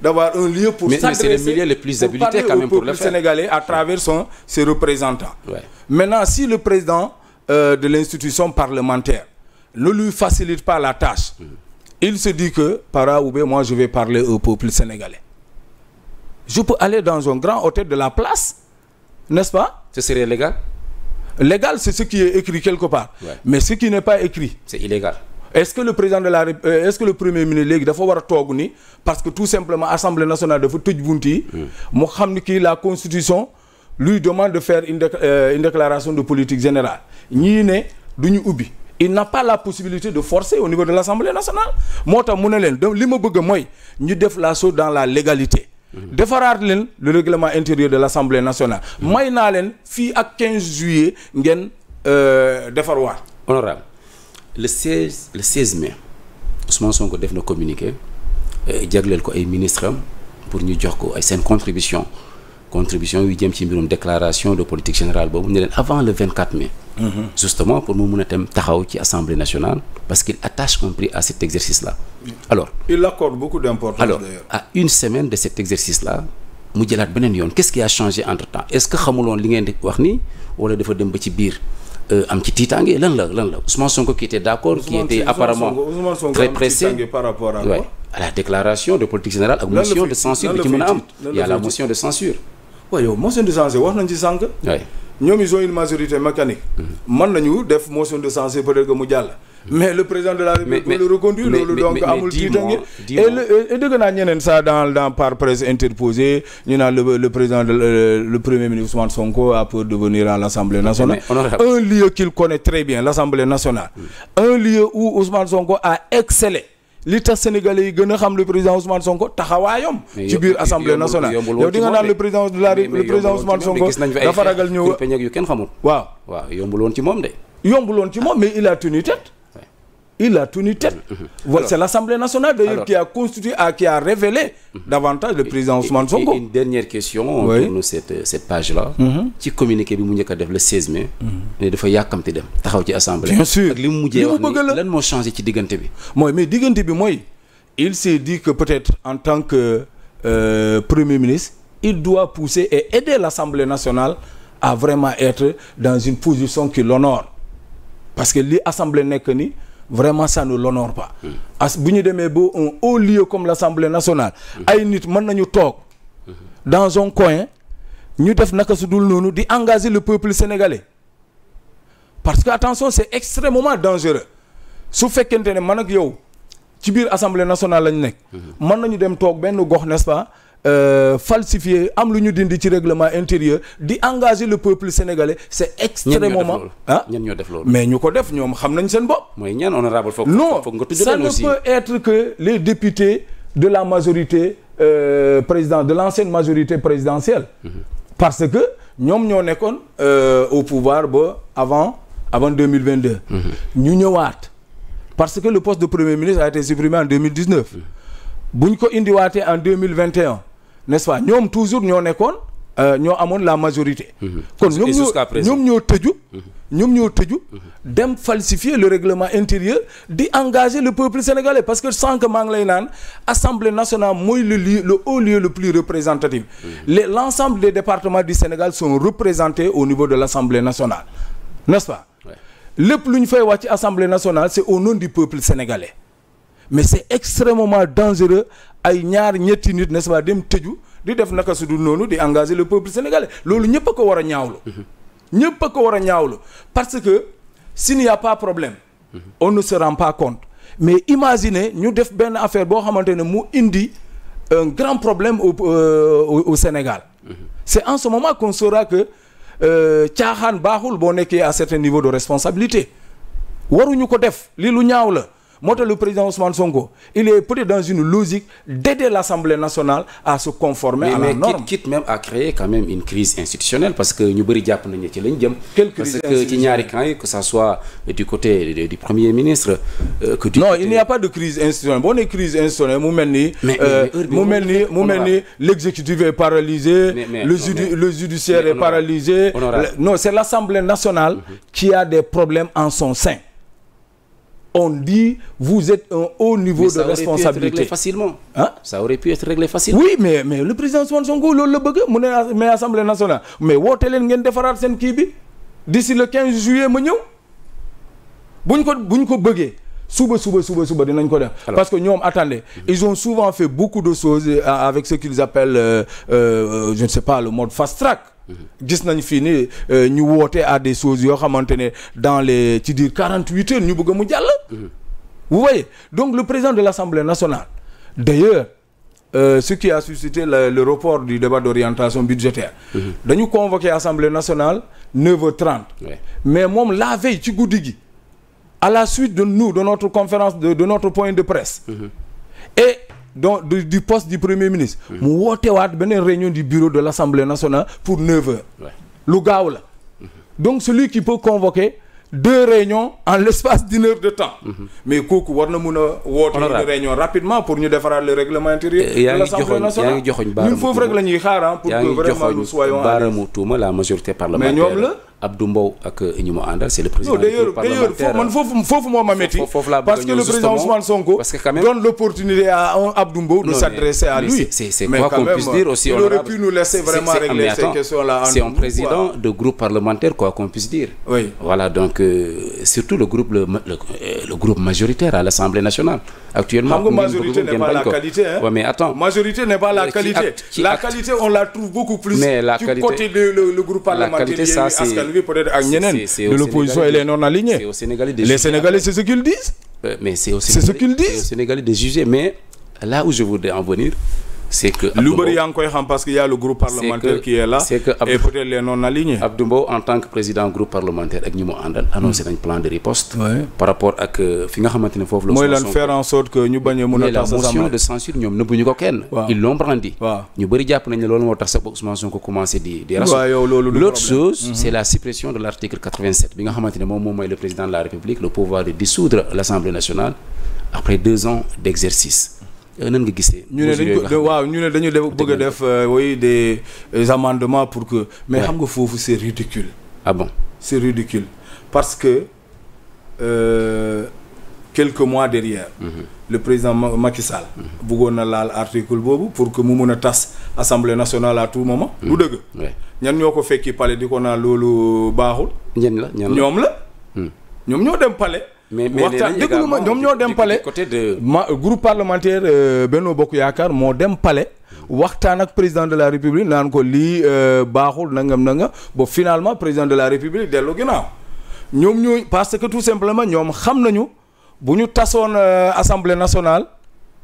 d'avoir un lieu pour s'adresser plus habilité quand même pour le sénégalais à travers son ses représentants ouais. maintenant si le président euh, de l'institution parlementaire ne lui facilite pas la tâche mm. il se dit que par A ou B moi je vais parler au peuple sénégalais je peux aller dans un grand hôtel de la place n'est-ce pas ce serait légal légal c'est ce qui est écrit quelque part mais ce qui n'est pas écrit c'est illégal est-ce que le président de la euh, est-ce que le premier ministre léegi dafa war toog ni parce que tout simplement assemblée nationale dafa tëj bunt yi. Hmm. mu xam ni kii la constitution luy demande de faire une euh, une déclaration de politique générale ñii ne du ñu ubbi. il n'a pas la possibilité de forcer au niveau de l'Assemblée nationale moo tax mu ne leen donc li ma bëgg mooy ñu def la chose dans la légalité hmm. defaraat leen lu réglement intérieur de l'Assemblée nationale hmm. may naa leen fii ak 15 juillet ngeen euh, defarwaat honorable le 16 le 16 mai Ousmane Sonko def na communiqué euh, jagleel ko ay ministres pour ñu jox ko ay seen contribution contribution yu jëm ci mbirum déclaration de politique générale boobu ne leen avant le 24 mai. Mmh. justement pour mu mun a tam taxaw ci assemblée nationale parce qu'il attache un prix à cet exercice la alors il accorde beaucoup d'importance alors à une semaine de cet exercice la mu jëlaat beneen yoon qu'est-ce qui a changé entre temps est-ce que xamuloon li ngeen di wax dem ba ci biir. Euh, am ci tiitaange lan la lan la Ousmane Sonko qui était d'accord qui était apparemment très pressé par rapport la déclaration de politique générale ak motion de censure bi ci mën a am il y a la motion de censure waaw yow motion de censure wax nañ ci sànq ñoom ils ont une majorité mécanique mm-hmm. mën nañu def motion de censure peut-être que mu jàll mais le président de la République le reconduire loolu donc amul tiitange et dëgg naa ñeneen ça dans dans par presse interposée ñu naan le le président de le premier ministre Ousmane Sonko a peur de venir à l'Assemblée nationale un lieu qu'il connaît très bien l'Assemblée nationale hmm. un lieu où Ousmane Sonko a excellé li tax sénégalais yi gën a xam le président Ousmane Sonko taxawaayam. ci biir assemblée nationale yow di nga naan le président de la le président Ousmane Sonko dafa moom de. yombul woon ci il a tenu tête. Mm-hmm. Mm-hmm. voilà c'est l'Assemblée nationale d'ailleurs qui a constitué à ah, qui a révélé mm-hmm. davantage le président Ousmane Sonko. une dernière question. oui pour cette page là. ci communiqué bi mu njëkk a def le 16 mai. ne dafa yàkkamti dem taxaw ci assemblée. bien sûr li mu mujjee wax ni lan moo changé ci diggante bi. mooy mais diggante bi mooy il s'est dit que peut-être en tant que euh, premier ministre il doit pousser et aider l'Assemblée nationale à vraiment être dans une position qui l'honore parce que li assemblée nekk ni vraiment ça ne l'honore pas as bu ñu demee ba un haut lieu comme l'Assemblée nationale ay nit mën nañu toog dans un coin ñu def naka su dul noonu di engagé le peuple sénégalais parce que attention c'est extrêmement dangereux su fekkente ne mën ak yow ci biir assemblée nationale lañ nekk mën nañu dem toog benn gox nest pas Euh, falsifier am lu ñu dindi ci règlement intérieur di engager le peuple sénégalais c'est extrêmement ah ñan ñoo def loolu mais ñu ko def ñoom xam nañ seen bopp mooy ñan honorable foog non ça ne peut être que les députés de la majorité euh, président de l'ancienne majorité présidentielle mm parce que ñoom ñoo nekkoon euh, au pouvoir ba avant avant 2022 mhm. ñu ñëwaat parce que le poste de premier ministre a été supprimé en 2019 bu ñu ko indiwaatee en 2021 nest ñoom toujours ñoo nekkoon euh, ñoo amoon la majorité. Mm-hmm. kon ñoom ñoo ñoom ñoo tëju. Mm-hmm. ñoom ñoo tëju. Mm-hmm. dem falsifier le règlement intérieur di engager le peuple sénégalais parce que sànq maa ngi lay naan assemblée nationale mooy le lieu le haut lieu le plus représentatif. les l' ensemble des départements du Sénégal sont représentés au niveau de l' assemblée nationale n'est-ce lépp lu ñu fay wax ci assemblée nationale c' au nom du peuple sénégalais mais c' extrêmement dangereux ay ñaar ñetti nit n'est-ce dem tëju di def naka su dul noonu di engager le peuple sénégalais loolu ñëpp ko war a ñaawlu. ñëpp a ko war a ñaawlu parce que si n'y a pas problème. on ne se rend pas compte mais imaginez ñu def benn affaire boo xamante ne mu indi un grand problème au euh, au, Sénégal. c'est en ce moment qu'on saura que euh, caaxaan baaxul boo nekkee à certain niveau de responsabilité waruñu ko def li lu ñaaw la. moo tax le président Ousmane Sonko il est peut-être dans une logique d'aider l'Assemblée nationale à se conformer mais, à la norme mais quitte même à créer quand même une crise institutionnelle parce que ñu bëri jàpp nañu ci lañ jëm. quelle crise parce que ci ñaari camp yi que ça soit du côté du premier ministre. Euh, que du non côté... il n'y a pas de crise institutionnelle boo nee crise institutionnelle mu mel ni. Euh, mu mel ni mu mel ni l'exécutif est paralysé. Mais, mais, le judi le judiciaire est paralysé. non c'est l'Assemblée nationale. Mm-hmm. qui a des problèmes en son sein. on dit vous êtes un haut niveau de responsabilité facilement ah ça aurait pu être réglé facilement mais mais le président Ousmane Sonko loolu la bëgg mu ne mais assemblée nationale mais woote leen ngeen defaraat seen kii bi d'ici le 15 juillet ma ñëw buñ ko buñ ko bëggee suba suba suba suba dinañ ko def parce que ñoom attendez mhm. ils ont souvent fait beaucoup de choses euh, avec ce qu'ils appellent euh, euh, je ne sais pas le mode fast track gis nañ fii ni euh, ñu woote à des choses yoo xamante ne dans les ci diir quarante huit heures ñu bëgg mu jàll. vous voyez donc le président de l'Assemblée nationale d'ailleurs Euh, ce qui a suscité le, report du débat d'orientation budgétaire mmh. dañu convoqué Assemblée nationale 9 h mais moom la veille ci guddi gi à la suite de nous de notre conférence de, de notre point de presse mmh. donc du, du poste du premier ministre mm. mu wootewaat beneen réunion du bureau de l'Assemblée nationale pour neuf heures lu gaaw la mm-hmm. donc celui qui peut convoquer deux réunions en l'espace d'une de temps mm -hmm. mais kooku war na mun a woote une réunion rapidement pour ñu defaraat le règlement intérieur eh, de l'Assemblée nationale yaa ngi joxoñ baaraam la ñuy xaar pour que vraiment nous soyons baaramu tuuma la majorité parlementaire mais ñoom la Abdou a ak euh, ñi mu c'est le président. du l'opportunité à un de s'adresser à lui c'est quoi qu'on puisse dire aussi. il aurait président de groupe parlementaire quoi qu'on puisse dire. voilà donc euh, surtout le groupe majoritaire à l'Assemblée nationale. actuellement xam nga majorité n'est pas la qualité hein. mais attends majorité n'est pas la qualité. la qualité on la trouve beaucoup plus. la qualité du la qualité ça bi peut-être ak ñeneen. de l'opposition et les non alignés. c'est aux Sénégalais de juger les Sénégalais c'est ce qu'ils disent. Euh, mais c'est aux Sénégalais c'est ce qu'ils disent. c'est aux Sénégalais de juger mais là où je voudrais en venir c'est que lu bëri yaa ngi koy xam parce que y groupe parlementaire qui est là et peut-être les non alignés Abdou Mbow en tant que président groupe parlementaire ak ñi mu àndal annoncé nañ plan de riposte par rapport ak euh, fi nga xamante ne foofu la mooy la motion de censure ñoom nëbbu ko kenn ils l'ont brandi ñu bëri jàpp nañ ne loolu moo tax sax ba Ousmane Sonko di di l'autre chose mhm. c'est la suppression de l'article bi nga xamante ne moom moom mooy Euh, nan nga gisee. ñu ne dañu ko waaw ñu ne dañu bëgg a def woy euh, des amendements pour que. mais xam nga foofu c'est ridicule. ah bon c'est ridicule parce que euh, quelques mois derrière. Mm le président Macky Sall. Mhm. bëggoon na laal article boobu pour que mu mun a tas assemblée nationale à tout moment. Mhm. du dëgg. ñan ñoo ko fekki palais di ko naan loolu baaxul. ñen la ñoom la. Hmm. ñoom ñoo dem palais. mais mais waxtaan déglu ma ñoom ñoo dem pale côté de ma groupe parlementaire euh, Benno Bokk Yaakaar moo dem pale waxtaan ak président de la république naan ko lii euh, baaxul nangam nangam ba finalement président de la république dellu ginnaaw ñoom ñooy parce que tout simplement ñoom xam nañu bu ñu tasoon euh, assemblée nationale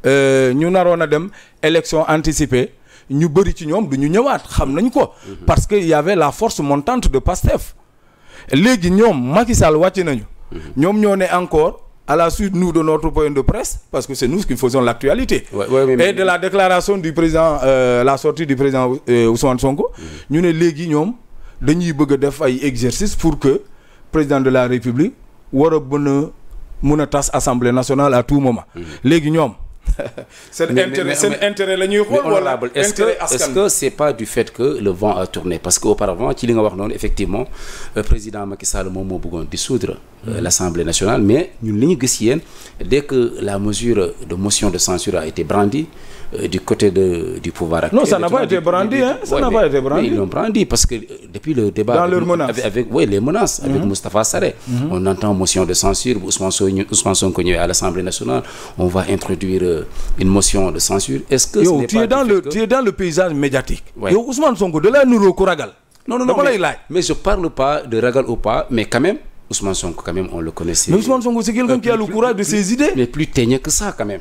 ñu naroon a dem élection anticipée ñu bëri ci ñoom du ñu ñëwaat xam nañ ko. Mhm. parce que y avait la force montante de PASTEF léegi ñoom Macky Sall wàcc nañu. ñoom ñoo ne encore à la suite nous de notre point de presse parce que c'est nous qui faisons l'actualité ouais, ouais, mais et de la déclaration du président euh, la sortie du président euh, Ousmane Sonko ñu ne léegi ñoom dañuy bëgg a def ay exercice pour que président de la République war a mën a tas assemblée nationale à tout moment mm-hmm. léegi ñoom seen intérêt la ñuy xool wala est-ce que est-ce que c'est pas du fait que le vent a tourné parce que auparavant ci li nga wax noonu effectivement euh, président Macky Sall moom moo bëggoon dissoudre euh, mm. l'Assemblée nationale mais ñun li ñu gis yéen dès que la mesure de motion de censure a été brandie Euh, du côté de du pouvoir actuel. non ça parce que euh, depuis le débat. dans leurs menaces avec oui les menaces. avec mhm. Moustapha Sarré. Mhm. on entend motion de censure bu Sonko Ousmane Sonko ñëwee à l'Assemblée nationale on va introduire euh, une motion de censure est-ce que. yow tu es dans le paysage médiatique. yow Sonko da lay nuroo ku ragal. non non non mais je Sonko quand même on le connaissait. Mais Ousmane Sonko c'est quelqu'un qui a le courage de ses idées. Mais plus teigneux que ça quand même.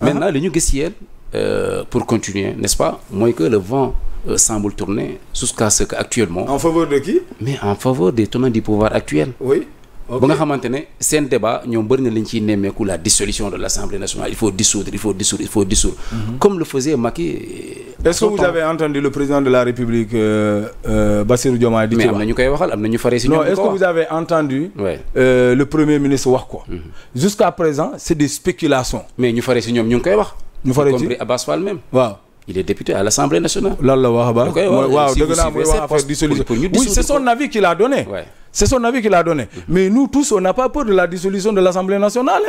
maintenant li ñu gis yéen euh, pour continuer n'est-ce pas que le vent euh, semble tourner jusqu'à ce que actuellement en faveur de qui mais en faveur des tenants du pouvoir actuel ba nga xamante ne seen débat ñoom bëri na li ñu ciy nemmeeku la dissolution de l' assemblée nationale il faut dissoudre il faut dissoudre il faut dissoudre. Mm -hmm. comme le faisait Macky. Euh, est-ce que vous avez entendu le président de la République euh, euh, Bassirou Diomaye di ci wax mais am na ñu koy waxal am na ñu faree si ñoom non est-ce que vous avez entendu ouais. euh, le premier ministre wax ko mm -hmm. jusqu'à présent c'est des spéculations mais ñu faree si ñoom ñu ngi koy wax ñu faree si y compris Abbas Fall même waaw il est député à l'Assemblée nationale. loolu la wax ba waaw dëgg la mooy wax affaire dissolution pour ñu oui c'est son avis qu'il a donné. Ouais. c'est son avis qu'il a donné. Mm-hmm. mais nous tous on n'a pas peur de la dissolution de l'Assemblée nationale.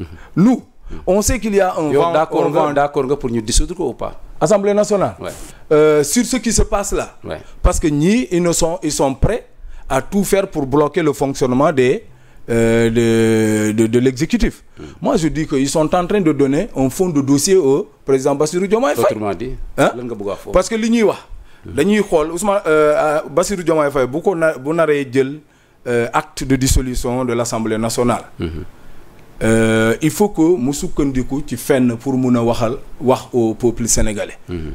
Mm-hmm. nous on sait qu'il y a un. d'accord nga pour ñu dissoudre ko pas. Assemblée nationale. Ouais. Euh, sur ce qui se passe là. parce que ñii ils ne sont sont prêts à tout faire pour bloquer le fonctionnement des. euh, de de, de l'exécutif. Mmh. Moi je dis que ils sont en de donner un fond de dossier au président Bassirou Diomaye Faye. Autrement nga bëgg a parce que li ñuy wax. Hmm. dañuy xool Ousmane euh, Bassirou Diomaye Faye bu ko naree jël euh, acte de dissolution de l'Assemblée nationale. Mmh. il faut que mu sukkandiku ci fenn pour mun a waxal wax au peuple sénégalais. Hmm.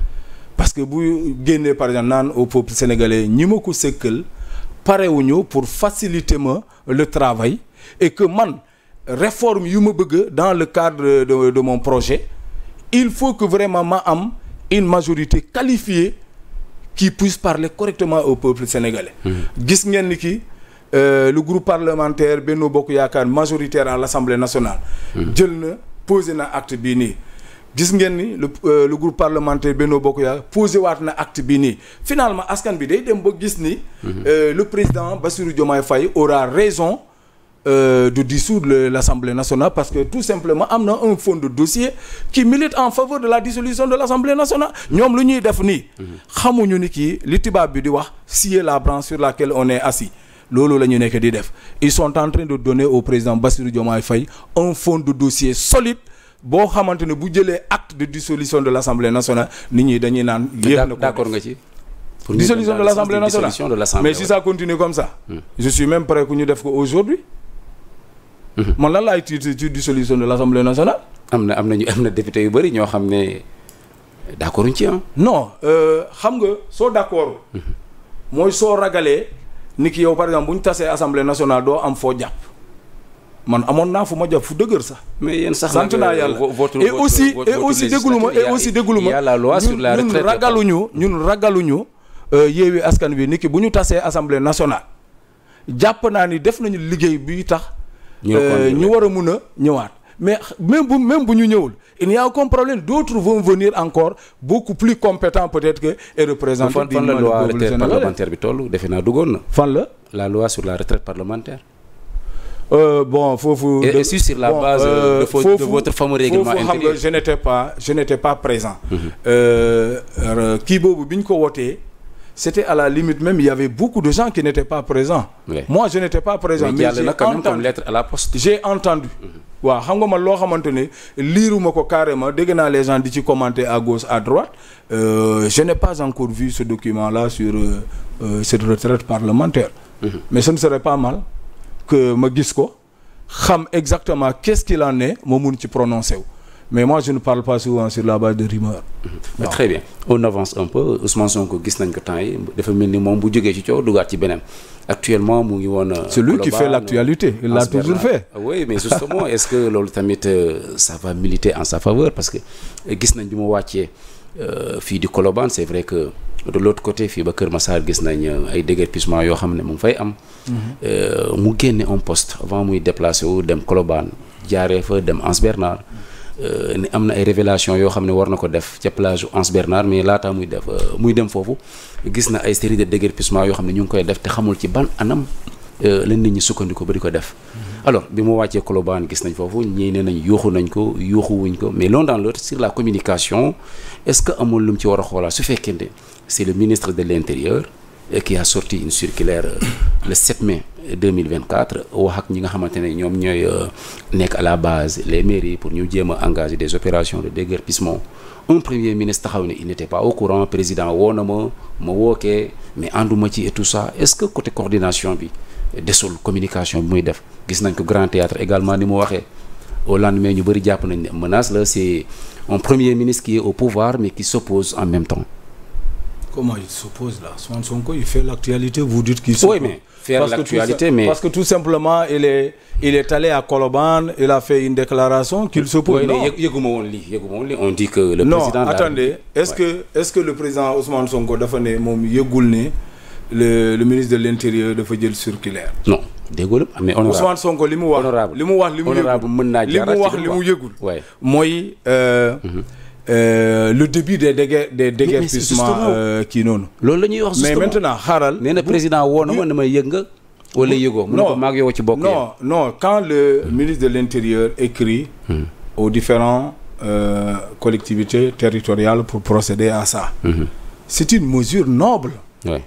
parce que bu génnee par exemple naan au peuple sénégalais ñi ma ko sëkkal. parewuñu pour faciliter ma le travail et que man réforme yu ma bëgg dans le cadre de de mon projet il faut que vraiment ma am une majorité qualifiée qui puisse parler correctement au peuple sénégalais. Mmh. gis ngen ni ki euh, le groupe parlementaire Benno Bokk Yaakaar majoritaire à l'Assemblée nationale. Mmh. jël na posé na acte bii nii. gis ngeen ni le euh, le groupe parlementaire Benno Bokk Yaakaar posé waat na act bi nii finalement askan bi day dem ba gis ni. Mhm. Euh, le président Bassirou Diomaye Faye aura raison euh, de dissoudre l'Assemblée nationale parce que tout simplement am na un fond de dossier qui milite en faveur de la dissolution de l'Assemblée nationale. ñoom lu ñuy def nii. Mhm. xamuñu ni kii li tubaab bi di wax scier la branche sur laquelle on est assis. loolu lañu nekk di def ils sont en train de donner au président Bassirou Diomaye Faye un fond de dossier solide. boo xamante ne bu jëlee acte de dissolution de l' assemblée nationale nit ñi dañuy naan. yéex na d' accord nga ci. pour dissolution de l' assemblée nationale mais si ça continue comme ça. Hmm. je suis même prêt ku ñu def ko aujourd'hui hmm. man lan laay tiit ci dissolution de l' assemblée nationale. am na am na ñu am na député yu bëri ñoo xam ne d' ñu ci am non euh, xam nga soo d' accord. Hmm. mooy soo ragalee. ni ki yow par exemple bu ñu tasee assemblée nationale doo am foo jàpp. man amoon naa fu ma jàpp fu dëgër sax. mais yéen sax sant naa yàlla et aussi et aussi déglu ma et aussi déglu ma ñun ñun ragaluñu ñun ragaluñu euh, yeewi askan wi ni ki bu ñu tasee assemblée nationale jàpp naa ni def nañu liggéey bi tax. Euh, ñu war a mun a ñëwaat. mais même bu même bu ñu ñëwul il n'y a aucun problème d'autres vont venir encore beaucoup plus compétents peut-être que et représentés. fan la loi retraite parlementaire bi toll defe naa duggoon na. fan la. la loi sur la retraite parlementaire. Euh, bon foofu. et la base euh, de votre fameux règlement intérieur foofu xam je n'étais pas présent. Mm-hmm. Euh, kii boobu bi ñu ko wootee. c'était à la limite même il y avait beaucoup de gens qui n'étaient pas présents. Oui. moi je n'étais pas présent. mais, mais j'ai entendu comme lettre à la poste. j'ai entendu. Mm-hmm. xam nga man loo xamante ne liiruma ko carrément dégg naa les gens di ci commenter à gauche à droite euh, je n'ai pas encore vu ce document là sur euh, euh, cette retraite parlementaire. Mm-hmm. mais ce ne serait pas mal. que ma gis ko xam exactement qu'est-ce qu'il en est moom mun ci prononcé wu mais moi je ne parle pas souvent sur la base de rumeurs. Mmh. très bien on avance un peu Ousmane Sonko gis nañ ko temps yi dafa mel ni moom bu jógee ci coow dugaat ci beneen actuellement mu ngi woon. Euh, c'est lui qui fait l'actualité il l'a toujours fait. Ah oui mais justement est-ce que loolu tamit euh, ça va militer en sa faveur parce que euh, gis nañ bi mu wàccee fii di Colobane c'est vrai que. de l'autre côté fii ba Kër Massar gis nañ euh, ay déguerpissement yoo xam ne mu ngi fay am. Euh, mu génne en post avant muy déplacé wu dem Colobane jaaree fa dem Anse Bernard. Euh, ni am na ay révélation yoo xam ne war na ko def ca plage Anse Bernard mais laataa muy def muy dem foofu gis na ay série de déguerpissement yoo xam ne ñu ngi koy def te xamul ci ban anam la nit ñi sukkandiku ba di ko def. alors bi mu wàccee Colobane gis nañ foofu ñii ne nañ yuuxu nañ ko yuuxu wuñ ko mais l'un dans l'autre sur la communication est-ce que amul lu mu ci war a xoolaat su fekkente. c'est le ministre de l'Intérieur euh, qui a sorti une circulaire euh, le 7 mai 2024 wax ak ñi nga xamante ne ñoom ñooy euh, nekk à la base les mairies pour ñu jéem a engager des opérations de déguerpissement un premier ministre taxaw ne il n'était pas au courant président woo na ma ma wookee mais ànduma ci et tout ça est-ce que côté coordination bi desul communication bi muy def gis nañ ko grand théâtre également ni mu waxee au mai ñu bëri jàpp nañ ne menace la c'est un premier ministre qui pouvoir mais qui même temps Comment il s'oppose là Son Sonko, il fait l'actualité, vous dites qu'il s'oppose. Oui, mais l'actualité, Parce que tout simplement, il est, il est allé à Koloban, il a fait une déclaration qu'il s'oppose. Oui, non. Mais, on dit que le non, président... Non, attendez, est-ce ouais. que, est dafa le président Ousmane Sonko, le, le ministre de l'Intérieur, de Fadjel circulaire Non. déggoo Sonko li mu wax. honorable li mu wax li mu yëgul honorable mën naa jaar ci li mu wax li mu yëgul. Euh, mhm. Euh, le début des dégâts des déguerpissements euh, kii noonu. loolu la ñuy wax mais maintenant xaaral. nee na président woo na ma ne ma yëg nga. wala yëgoo mu ne ko maag yow ci bokk. non non quand le ministre de l' intérieur écrit. Mmh. aux différents euh, collectivités territoriales pour procéder à ça. Mmh. c' est une mesure noble. Ouais.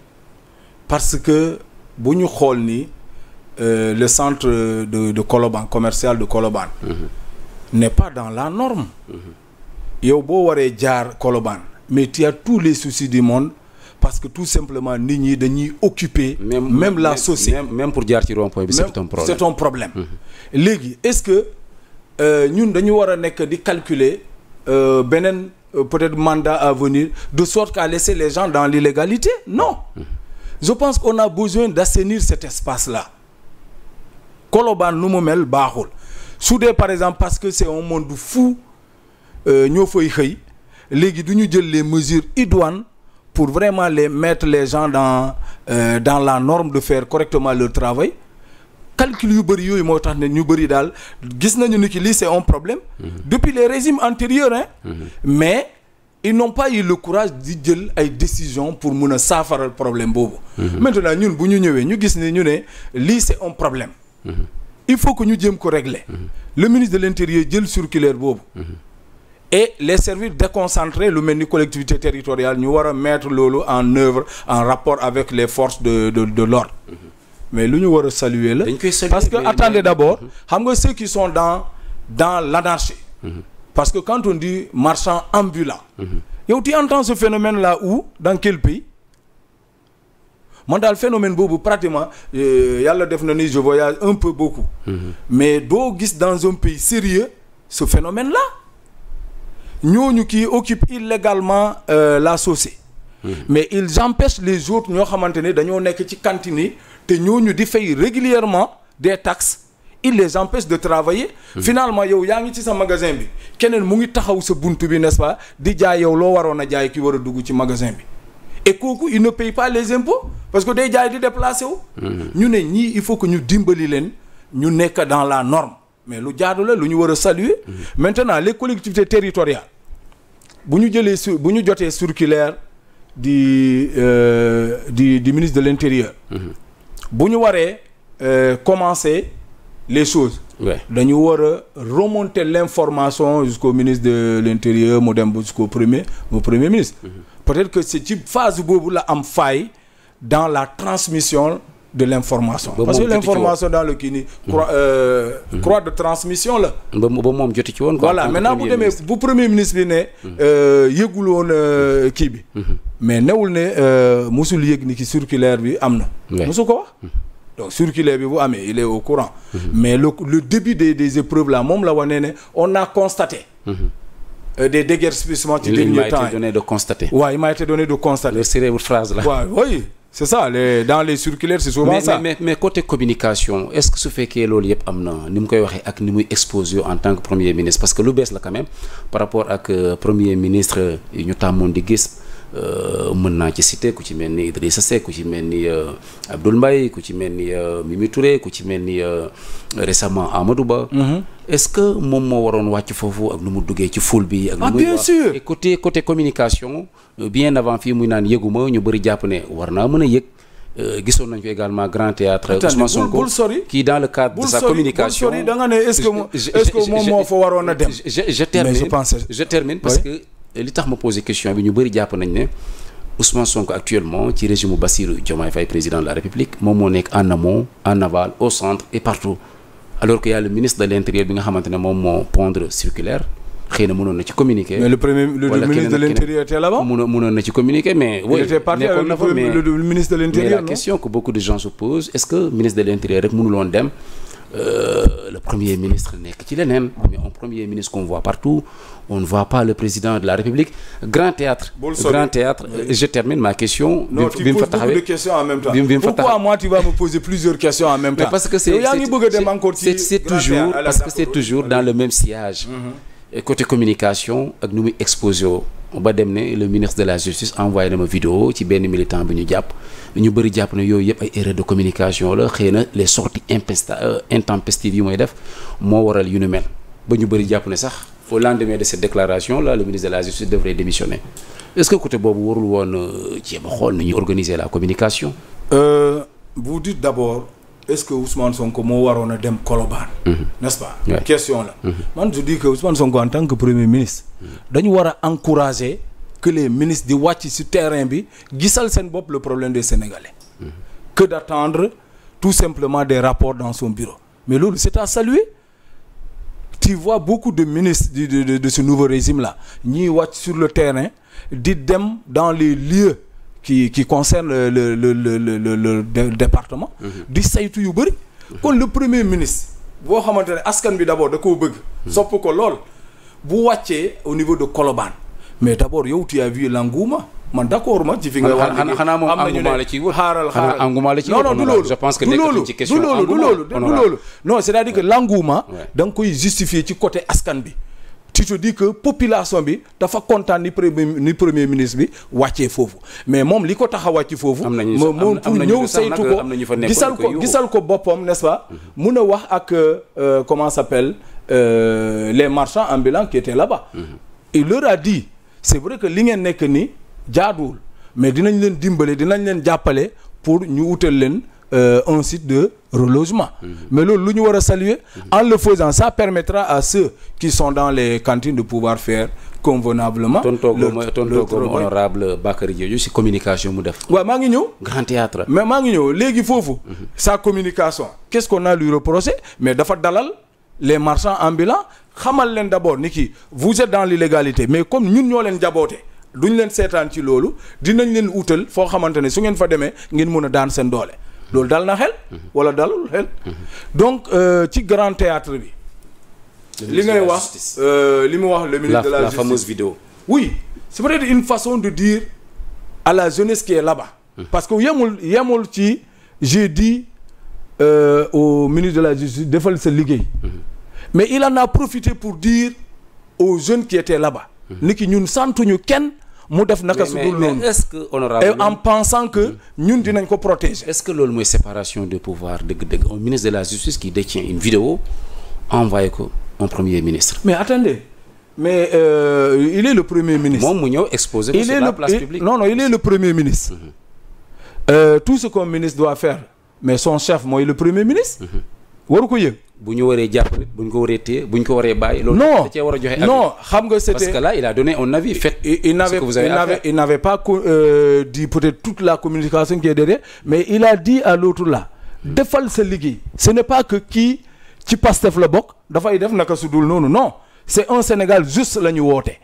parce que bu ñu xool ni euh, le centre de de Colobane commercial de Colobane. Mmh. n' est pas dans la norme. Hmm. yow boo waree jaar Colobane mais tu as tous les soucis du monde parce que tout simplement nit ñi dañuy occuper même, même la société même, pour jaar ci rond-point bi c'est un problème c'est un mhm. léegi est-ce que euh, ñun dañu war a nekk di calculer euh, beneen euh, peut-être mandat à venir de sorte qu'à laisser les gens dans l'illégalité non mhm. je pense qu'on a besoin d'assainir cet espace-là Colobane nu mu mel baaxul su dee par exemple parce que c'est un monde fou Euh, ñoo fay xëy léegi du ñu jël les mesures idoines pour vraiment les mettre les gens dans euh, dans la norme de faire correctement leur travail calcul yu bëri yooyu moo tax ne ñu bëri daal gis nañu ni ki lii c'est un problème mm-hmm. depuis les régimes antérieurs hein mm-hmm. mais ils n'ont pas eu le courage di jël ay décisions pour mun a saafaral problème boobu mm -hmm. maintenant ñun bu ñu ñëwee ñu gis ni ñu ne lii c'est un problème mm-hmm. il faut que ñu jéem ko régler le ministre de l'intérieur jël circulaire boobu et les services déconcentrés lu mel ni collectivité territoriale ñu war a mettre loolu en œuvre en rapport avec les forces de de de l'ordre mais lu ñu war a saluer la parce que attendez d'abord mhm. xam nga ceux qui sont dans dans l'anarchie mhm. parce que quand on dit marchand ambulant mhm. yow tu entends ce phénomène là ou dans quel pays man daal phénomène boobu pratiquement euh, yàlla def na ni je voyage un peu beaucoup mais doo gis dans un pays sérieux ce phénomène là ñooñu kii occupent illégalement euh, la chaussée mmh. mais ils empêchent les autres ñoo xamante ne dañoo nekk ci cantine yi te ñu di fay régulièrement des taxes il les empêche de travailler mmh. finalement yow yaa ngi ci sa magasin bi keneen mu ngi taxaw sa bunt bi n'est-ce pas di jaay yow loo waroon a jaay ki war a dugg ci magasin bi et kooku il ne paye pas les impôts parce que day jaay di déplacé wu hmm. ñu ne ñii il faut que ñu dimbali leen ñu nekk dans la norme mais lu jaadu la lu ñu war a saluer hmm. maintenant les collectivités territoriales bu ñu jëlee su bu ñu jotee circulaire di euh, di di ministre de l'intérieur mm-hmm. bu ñu waree euh, commencer les choses dañu war a remonter l'information jusqu'au ministre de l'intérieur mu dem jusqu'au premier mu premier ministre mm-hmm. peut-être que c'est ci phase boobu la am faille dans la transmission de l'information parce que l'information daal la kii nii croix euh, mm. croix de transmission la ba moom joti ci woon voilà maintenant bu demee bu premier ministre bi ne mm. euh, yëgul woon euh, kii bi mm-hmm. mais newul ne musul yëg ni ki circulaire bi am na musu ko wax mm-hmm. donc circulaire bi bu amee il est au courant mm-hmm. mais le le début des des épreuves là moom la wane ne on a constaté Euh, des déguerpissements ci dernier temps il m'a été donné de constater. waaw ouais, il m'a été donné de constater. le célèbre phrase là. waaw ouais, c'est ça dans les circulaires c'est mais, côté communication est-ce que su fekkee loolu yëpp am na ni mu koy waxee ak ni muy exposé en tant que premier ministre parce que lu bees la quand par rapport ak euh, premier ministre yi ñu tàmmoon di gis euh, mën naa ci cité ku ci mel ni sa Seck ku ci mel ni euh, Abdoul Mbaye ku ci mel ni Mimi Touré ku ci mel ni. récemment Amadou Ba. Mhm. est-ce que moom moo waroon wàcc foofu ak nu mu duggee ci foule bi. ak nu ah, muy bien sûr côté côté communication euh, bien avant fii muy naan yëguma ñu bëri jàpp ne war naa mën a yëg. Euh, gisoon nañ ko également grand théâtre Ousmane Sonko bul sori qui dans le cadre de ne est-ce que est-ce que moom moo fa waroon a dem. je termine je pense je termine parce que li tax ma posé question bi ñu bëri jàpp nañ ne Ousmane Sonko actuellement ci régime Bassirou Diomaye Faye président de la République moom moo nekk en amont en au centre et partout. alors que y a le ministre de l' intérieur bi nga xamante ne moom moo pondre circulaire xëy na mënoon na ci communiquer. mais le ministre de l' intérieur était mais. oui ministre de l' mais la question que beaucoup de gens se posent est ce que ministre de l' intérieur rek mënuloon dem. Euh, le premier ministre nekk ci leneen mais un premier ministre qu'on voit partout on ne voit pas le président de la République grand théâtre je termine ma question pourquoi moi tu vas me poser plusieurs questions en même temps parce que c'est toujours que c'est toujours dans le même sillage mm-hmm. côté communication ak nu muy exposé woo ba dem ne le ministre de la justice envoyé na ma vidéo ci benn militant bi ñu jàpp ñu bëri jàpp ne yooyu yëpp ay erreur de communication la xëy na les sorties euh, intempestives yi mooy def moo waral yu nu mel ba ñu bëri jàpp ne sax au lendemain de cette déclaration là le ministre de la justice devrait démissionner est-ce que côté boobu warul woon ci euh, a xool ñu organiser la communication. Euh, vous d'abord est-ce que Ousmane Sonko moo waroon a dem Colobane. Mhm. n'est-ce pas. question la. Mhm. man je dis que Ousmane Sonko en tant que premier ministre. dañu war a encourager que les ministres di wàcc ci terrain bi gisal seen bopp le problème des Sénégalais. Mhm. que d'attendre tout simplement des rapports dans son bureau mais loolu c'est à saluer. tu vois beaucoup de ministres de de de, de ce nouveau régime là ñiy wàcc sur le terrain di dem dans les lieux. qui qui concerne le le le le département. Mhm. di saytu yu bëri. kon le premier ministre. boo xamante ne askan bi d' abord da koo bëgg. Mhm. sopp ko lool bu wàccee au niveau de Colobane mais d' abord yow tu as vu man d' ma ci fi nga. wax léegi xanaa moom engouement la ci wut xaaral xaaral engouement la ci non non du loolu je pense que nekkatuñ du loolu du loolu du loolu à dire que l' engouement. da nga koy justifier ci côté askan bi. tu di dis que population bi dafa kontaan ni premier ni premier ministre bi wàccee foofu mais moom li ko tax a wàcc foofu. am nañu moom pour ñëw saytu ko gisal ko gisal ko boppam n'est-ce pas. Mhm. mun a wax ak euh, comment s'appelle euh, les marchands ambulants qui étaient là-bas. Mm il leur a c'est vrai que li ngeen nekk ni jaadool mais dinañ leen dimbale dinañ leen jàppale pour ñu wutal leen. euh, un site de relogement. Mm-hmm. Mais loolu lu ñu war a saluer mm-hmm. en le faisant ça permettra à ceux qui sont dans les cantines de pouvoir faire convenablement. tontu ko mooy tontu ko honorable Bakary Diédhiou si communication mu def. waaw maa ngi ñëw. grand théâtre mais maa ngi ñëw léegi foofu. Mm-hmm. sa communication. qu'est-ce qu'on a lui reproché mais dafa dalal les marchands ambulants xamal leen d'abord ni ki vous êtes dans l'illégalité mais comme ñun ñoo leen jaboote. duñ ñu seetaan ci loolu dinañ leen utal foo xamante ne su ngeen fa demee ngeen mën a daan seen doole. loolu dal na xel. Mhm. wala dalul xel. Mhm. donc euh, ci grand théâtre bi. li ngay wax euh, li mu wax le ministre de la justice la fameuse vidéo. oui c'est peut-être une façon de dire à la jeunesse qui est là mhm. parce que yemul yemul ci j'ai di euh, au ministre de la justice defal sa liggéey. mais il en a profité pour dire aux jeune qui étaient là-bas. ni ki ñun santuñu kenn mu def naka su dul loolu est-ce que honorable en pensant que ñun dinañ ko protéger. est-ce que loolu mooy séparation de pouvoir dëgg-dëgg un ministre de la justice qui détient une vidéo envoyé ko un premier ministre. mais attendez mais euh, il est le premier ministre. mu ñëw exposé ko sur la place le premier ministre. Mm -hmm. euh, tout ce qu'un ministre doit faire mais son chef mooy le premier ministre. Mm-hmm. waru ko yëg. bu ñu waree jàpp nit bu ñu ko waree téye bu ko waree bàyyi. loolu da cee war a joxe non xam nga c'était parce que là il a donné un avis fait. il euh, la communication qui est mais il a dit à defal sa liggéey. ce n'est kii ci Pastef la bokk dafay def naka su noonu non c'est un Sénégal juste la ñu woote.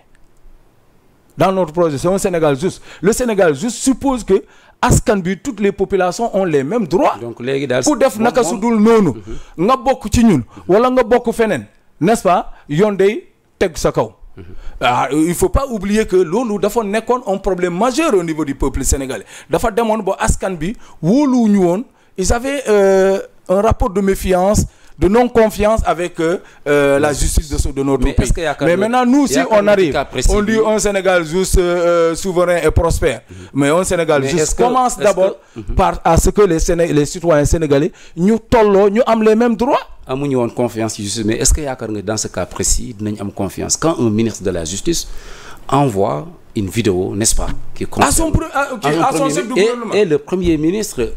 dans notre projet c'est un Sénégal juste le Sénégal juste suppose que askan bi toutes les populations ont les mêmes droits. donc léegi daal ku def naka su dul noonu. Mhm. nga bokk ci ñun. wala nga bokk feneen n'est-ce pas yoon day teg sa kaw. Mhm. ah il faut pas oublier que loolu dafa nekkoon un problème majeur au niveau du peuple sénégalais dafa demoon ba askan bi wóoluwuñu woon il avaient euh, un rapport de méfiance. de non confiance avec euh, euh, la justice de, de notre mais pays mais maintenant nous si on arrive on dit un Sénégal juste euh, euh, souverain et prospère mhm. mais un Sénégal mais juste commence d'abord que... mm à ce que les Séné les citoyens sénégalais ñu tolloo ñu am les mêmes droits amuñu woon confiance ci justice mais est-ce que yaakaar nga dans ce cas précis dinañ am confiance quand un ministre de la justice envoie une vidéo n'est-ce pas qui à son, le premier ministre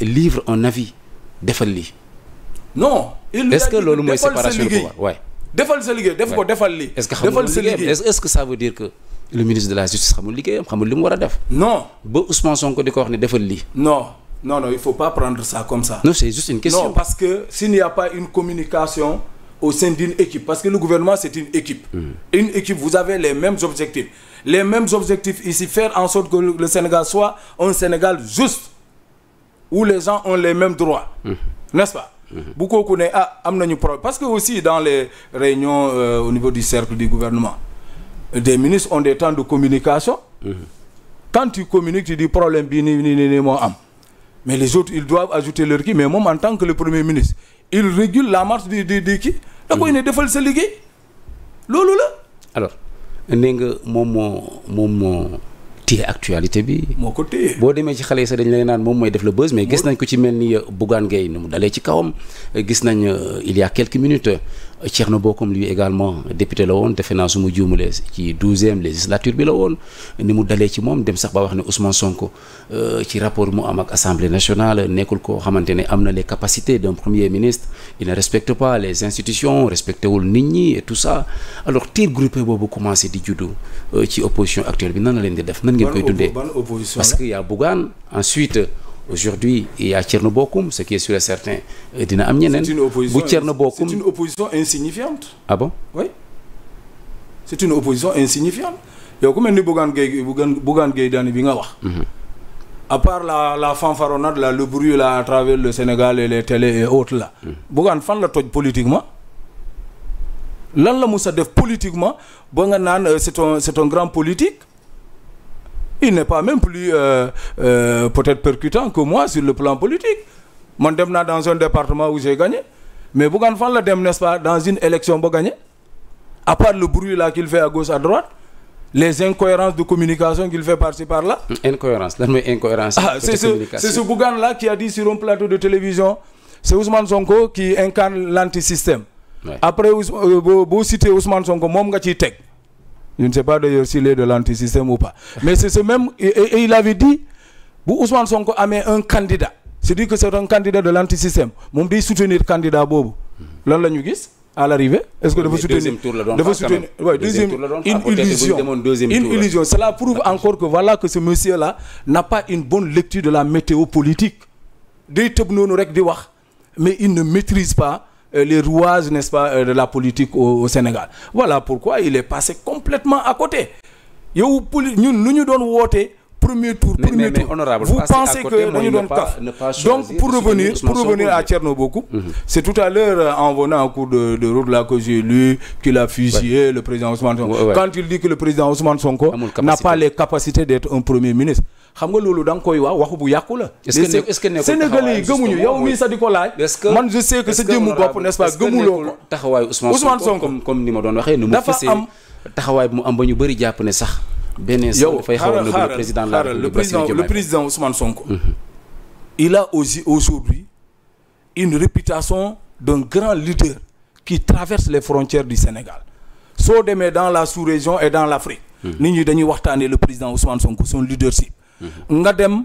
livre un avis defal lii non. il est-ce que loolu mooy séparation de pouvoir waay. defal sa liggéey def ko defal est-ce que xamul liggéeyam est-ce que ça veut dire que. le ministre de la justice xamul liggéeyam xamul li mu war a def. non ba Ousmane Sonko di ko wax ne defal lii. non non non il faut pas prendre ça comme ça. non c'est juste une question. non parce que s'il n'y a pas une communication. au sein d'une équipe parce que le gouvernement c'est une équipe. Hmm. une équipe vous avez les mêmes objectifs les mêmes objectifs ici faire en sorte que le Sénégal soit un Sénégal juste où les gens ont les mêmes droits. Hmm. bu kooku ne ah am nañu problème parce que aussi dans les réunions euh, au niveau du cercle du gouvernement des ministres on des temps de communication mmh. communique tu di problème bii nii nii nii moo am mais les autres ils doivent ajouter leur ki mais moom en tant que le premier ministre il régule la marche du du du kii da koy ne defal sa liggéey loolu la alors ni nga moom moo moom moo téye actualité bi. moo ko téye boo demee ci xale yi sax dañ lay naan moom mooy def la buzz mais gis nañ ko ci mel ni Bougane Gueye nu mu dalee ci kawam gis nañ euh, il y a quelques Thierno Bocoum lui également député la woon defe naa su ma juumalee ci douzième législature bi la woon ni mu dalee ci moom dem sax ba wax ne Ousmane Sonko euh, ci rapport mu am ak assemblée nationale nekkul koo xamante ne am na les capacité d'un premier ministre il ne respecte pas les institutions respecte wul nit ñi et tout ça alors tir groupé boobu commencé di juddu euh, ci opposition actuelle bi nan la leen di def. nan ngeen koy dundee parce que yaa a Bougane aujourd'hui il y a Thierno Bokoum ce qui est sûr et certain euh, dina am ñeneen. bu Thierno Bokoum c'est une opposition insignifiante. ah bon oui c'est une opposition insignifiante yow ku mel ni Bougane Gueye Bougane Gueye Dany bi nga wax. Mhm. à part la la fanfaronnade là le bruit là à le Sénégal et les télés et autres là. Mhm. fan la toj politiquement. lan la musa def politiquement ba nga naan euh, c'est un c'est un grand politique il n'est pas même plus euh, euh, peut-être percutant que moi sur le plan politique man dem naa dans un département où j'ai gagné mais Bougane fan la dem n'est-ce pas dans une élection bo gagné à part le bruit là qu'il fait à gauche à droite les incohérences de communication qu'il fait par-ci par-là. incohérence lan mooy incohérence. ah c'est ce c'est ce Bougane là qui a dit sur un plateau de télévision c'est Ousmane Sonko qui incarne l'antisystème. Ouais. après Ous euh, boo cité Ousmane Sonko moom nga ciy teg. Je ne sais pas d'ailleurs s'il est de l'antisystème ou pas. Mais c'est ce même, il avait dit, bu Ousmane Sonko amee un candidat, c'est dire que c'est un candidat de l'antisystème moom day soutenir candidat boobu. lan la ñu gis à l'arrivée est-ce que dafa soutenir dafa soutenir waaw deuxième une illusion une illusion cela prouve encore que voilà que ce monsieur-là n'a pas une bonne lecture de la météo politique day tëb noonu rek di wax mais il ne maîtrise pas Euh, les rouages, n'est-ce pas, euh, de la politique au, au Sénégal. Voilà pourquoi il est passé complètement à côté. yow poli ñun nu ñu doon wootee premier tour mais, premier mais, mais, tour honorable vous pensez que dañu doon kaf donc pour revenir pour revenir à Thierno Bocoum mhm. c'est tout à l'heure euh, en venant en cours de, de route là que j'ai lu qu'il a fusillé le président Ousmane Sonko ouais, quand il dit que le président Ousmane Sonko n'a pas les capacités d'être un premier ministre xam nga loolu da nga koy waxu bu yàqu la. est ce que est que sénégalais yi gëmuñu yow mii sax di ko laaj. man je sais que sa jëmmu bopp n' pas gëmuloo ko. taxawaayu Ousmane Sonko comme ni ma doon waxee. dafa am taxawaay bu mu am ba ñu bëri jàpp ne sax. beneen sax dafay xaw a nëbb le président la le président le président Ousmane Sonko. Mhm. il a aussi aujourd'hui une réputation d'un grand leader qui traverse les frontières du Sénégal soo demee dans la sous-région et dans l'Afrique mhm. nit ñi dañuy waxtaanee le président Ousmane Sonko son leadership nga dem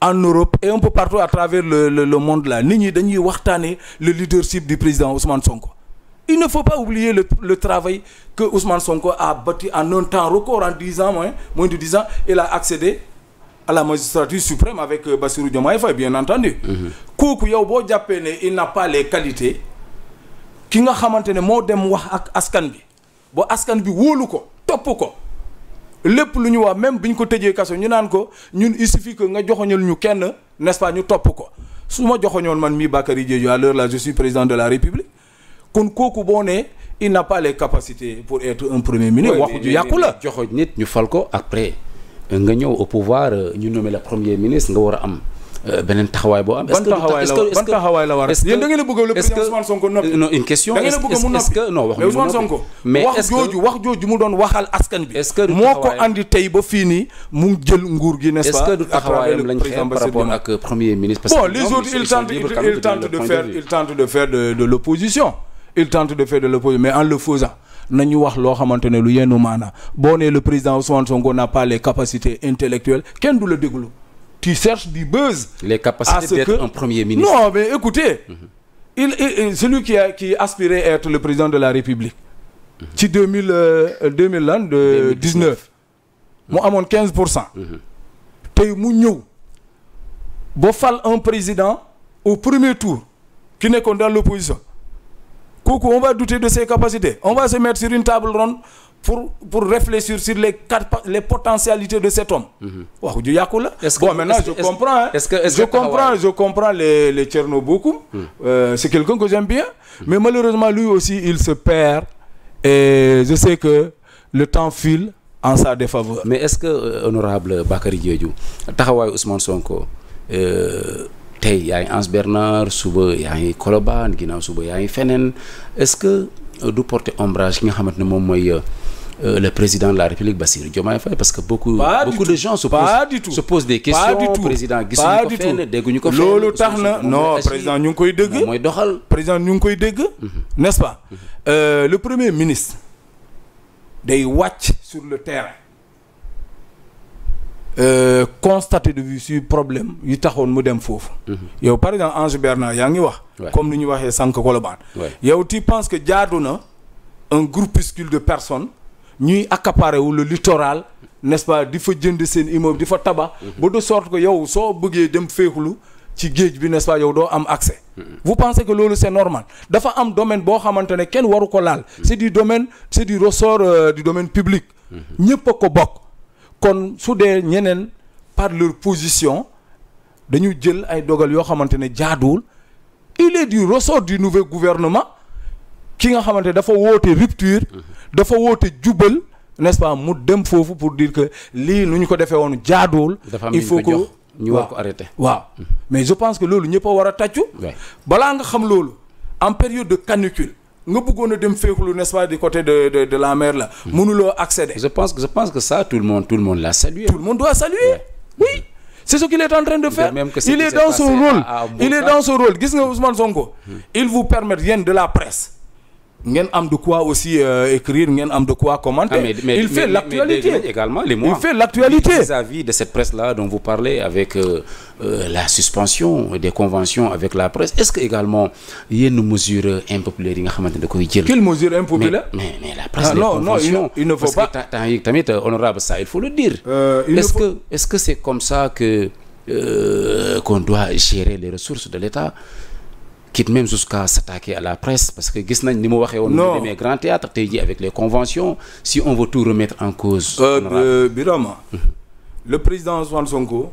en Europe et un partout à travers le le, le monde la nit ñi dañuy waxtaanee le leadership du président Ousmane Sonko. il ne faut pas oublier le le travail que Ousmane Sonko a bâti en non temps record en dix ans moins moins de dix ans il a accédé à la magistrature suprême avec euh, Bassirou Diomaye Faye bien entendu mm-hmm. kooku yow boo jàppee ne il n'a pas les ki nga xamante ne moo dem wax ak askan bi ba askan bi wóolu ko topp ko lépp lu ñu wax même bi ñu ko tëjee kaso ñu naan ko ñun il suffit que nga joxoñal ñu kenn nest pas ñu topp ko su ma joxoñoon man mii Bakary Diédhiou à l'heure là je président de la République kon kooku boo nee il n'a pas les capacités pour être un premier ministre waxu ju yàqu la joxoñ nit ñu fal ko après nga ñëw au pouvoir euh, ñu nommer le premier ministre nga war a am Euh, beneen taxawaay boo am. ban taxawaay la ban taxawaay la war a. est ce que yéen da ngeen a bëgg le président Ousmane Sonko noppi. non une question est ce que non waxuñu Ousmane Sonko. mais wax jooju wax jooju mu doon waxal askan bi. est ce que moo ko andi tey ba fii nii mu jël nguur gi n'est-ce pas. est ce que du taxawaayam lañ xeex par rapport ak euh, premier ministre. parce que bon les autres ils tentent ils tentent de faire ils tentent de faire de de l'opposition ils tentent de faire de l'opposition mais en le faisant. nañu wax loo xamante ne lu yenu maana boo nee le président Ousmane Sonko n'a pas les capacités intellectuelles kenn du la déglu tu cherches du buzz. Les capacités d'être premier ministre. Non, mais écoutez, mm -hmm. il, il, celui qui, a, aspirait être le président de la République, ci deux mille euh, deux mille lan de dix neuf mu amoon quinze pour cent tey mu ñëw ba fal un président au premier tour ki nekkoon dans l'opposition kooku on va douter de ses capacités on va se mettre sur une table ronde pour pour réfléchir sur les les potentialités de cet homme. Mhm. wax ju yàqu la. bon maintenant je est-ce que je comprends je comprends les les Thierno mhm. euh, c'est quelqu'un que j'aime bien. Mhm. mais malheureusement lui aussi il se perd et je sais que le temps file en sa défaveur. mais est-ce que euh, honorable Bakary Diédhiou taxawaayu Ousmane Sonko euh, tey yaa ngi Anse Bernard suba yaa ngi Colobane ginnaaw suba yaa ngi feneen est-ce que du porter ombrage ki nga xamante ni moom mooy. euh, le président de la République Bassirou Diomaye Faye parce que beaucoup pas beaucoup de gens se posent se posent des pas du tout ko fenn dégguñu loolu tax na non président ñu ngi koy dégg mooy doxal président ñu koy dégg mhm. n'est-ce pas mhm. euh, le premier ministre day wàcc sur le terrain Euh, constaté de vue sur problème yu taxoon mu dem foofu. Mhm. yow par exemple Ange Bernard yaa ngi wax. comme ni ñu waxee sànq Colobane. yow tu penses que jaadu na un groupuscule de personnes. ñuy accaparer wu le littoral nest pas di fa jënd seen immeuble di fa tabax. Mhm. ba de sorte que yow soo bëggee dem féexlu ci géej bi n'est-ce pas yow doo am accès. Mhm. vous pensez que loolu c'est normal dafa am domaine boo xamante ne kenn waru ko laal. Mhm. c'est du domaine c'est du ressort euh, du domaine public. ñépp ko bokk. kon su dee ñeneen par leur position dañu jël ay dogal yoo xamante ne jaaduwul il est du ressort du nouveau gouvernement ki nga xamante dafa woote rupture. dafa woote jubal n'est-ce pas mu dem foofu pour dire que lii nu ñu ko defee woon jaaduwul. il faut que ñu war ko arrêté. waaw mm-hmm. mais je pense que loolu ñëpp a war a tàccu. balaa nga xam loolu en période de canicule. nga bëggoon a dem féexlu n'est-ce pas du côté de de la mer là. Mm-hmm. mënuloo accéder. je pense que je pense que ça tout le monde tout le monde l'a salué. tout le monde doit saluer oui. c'est ce qu'il est en train de faire il est dans son rôle il est dans son rôle gis nga Ousmane Sonko. yéen mm. de la presse. ngeen am de quoi aussi euh, écrire ngeen am de quoi commenter. Ah, il fait l'actualité également les mois. il fait l'actualité vis-à-vis de cette presse là dont vous parlez avec euh, euh, la suspension des conventions avec la presse est-ce que également yenn mesures impopulaires yi nga xamante ne da koy jël. quelle mesure impopulaire. la presse ah, des conventions il ne faut pas parce que yi tamit honorable ça il faut le dire. est-ce que est-ce que c'est comme ça que qu'on doit gérer les ressources de l'État quitte même jusqu'à s'attaquer à la presse parce que gis nañ ni mu waxee woon. non mu demee grand théâtre tey jii avec les conventions si on veut tout remettre en cause. Euh, euh mhm. le président Ousmane Sonko.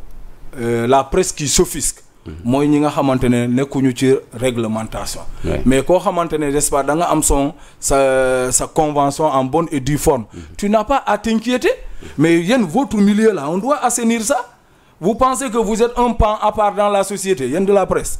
Euh, la presse qui s'offusque. Mhm. mooy ñi nga xamante ne nekkuñu ci réglementation. mais koo xamante ne n'est-ce pas da nga am son sa sa convention en bonne et due forme. Mhm. tu n'as pas à t'inquiéter. mais yéen votre milieu la on doit assainir ça. vous pensez que vous êtes un pan à part dans la société yéen de la presse.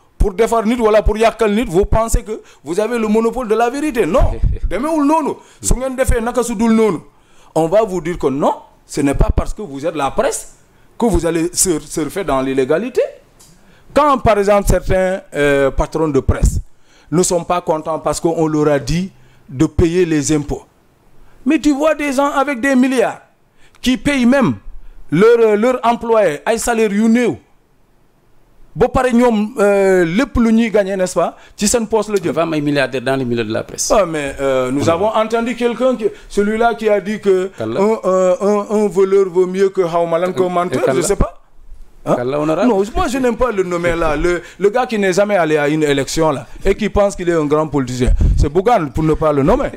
pour defar nit wala pour yàqal nit vous pensez que vous avez le monopole de la vérité non demeewul noonu su ngeen defee naka su dul noonu on va vous dire que non ce n'est pas parce que vous êtes la presse que vous allez sur surfer dans l'illégalité quand par exemple certains euh, patrons de presse ne sont pas contents parce qu'on leur a dit de payer les impôts mais tu vois des gens avec des milliards qui payent même leur euh, leur employé ay salaire yu néew ba pare ñoom euh, lépp lu ñuy gagné n'est-ce pas ci seen pose la jëm. am ay milliardaires dans le milieu de la presse. ah mais euh, nous avons entendu quelqu'un celui-là qui a dit que. un voleur vaut mieux que xaw ma lan ko menteur. je sais pas. ah non moi je n'aime pas le nommer là le le gars qui n'est jamais allé à une élection là et qui pense qu'il est un grand politicien c'est Bougane pour ne pas le nommer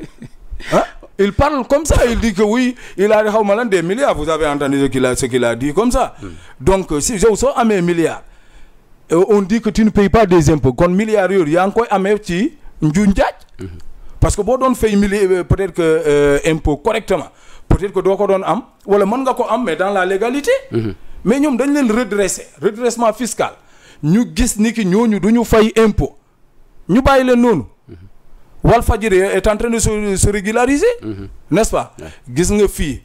ah. il parle comme ça il dit que oui il a xaw ma lan des milliards vous avez entendu ce qu'il a ce a dit comme hmm. soo amee milliards. Euh, on dit que tu ne payes pas des impôts kon milliards yooyu yaa ngi koy amee ci njuñ njaaj mhm. parce que boo doon fay mili euh, peut-être que euh, impôt correctement peut-être que doo ko doon am walla mën nga ko am mais dans la légalité mhm. mais ñoom dañu leen redresser redressement fiscal ñu gis ni ki ñooñu du ñu fay impôt ñu bàyyi leen noonu mhm. Walfadjri est en train de se, se régulariser nest pas gis nga fii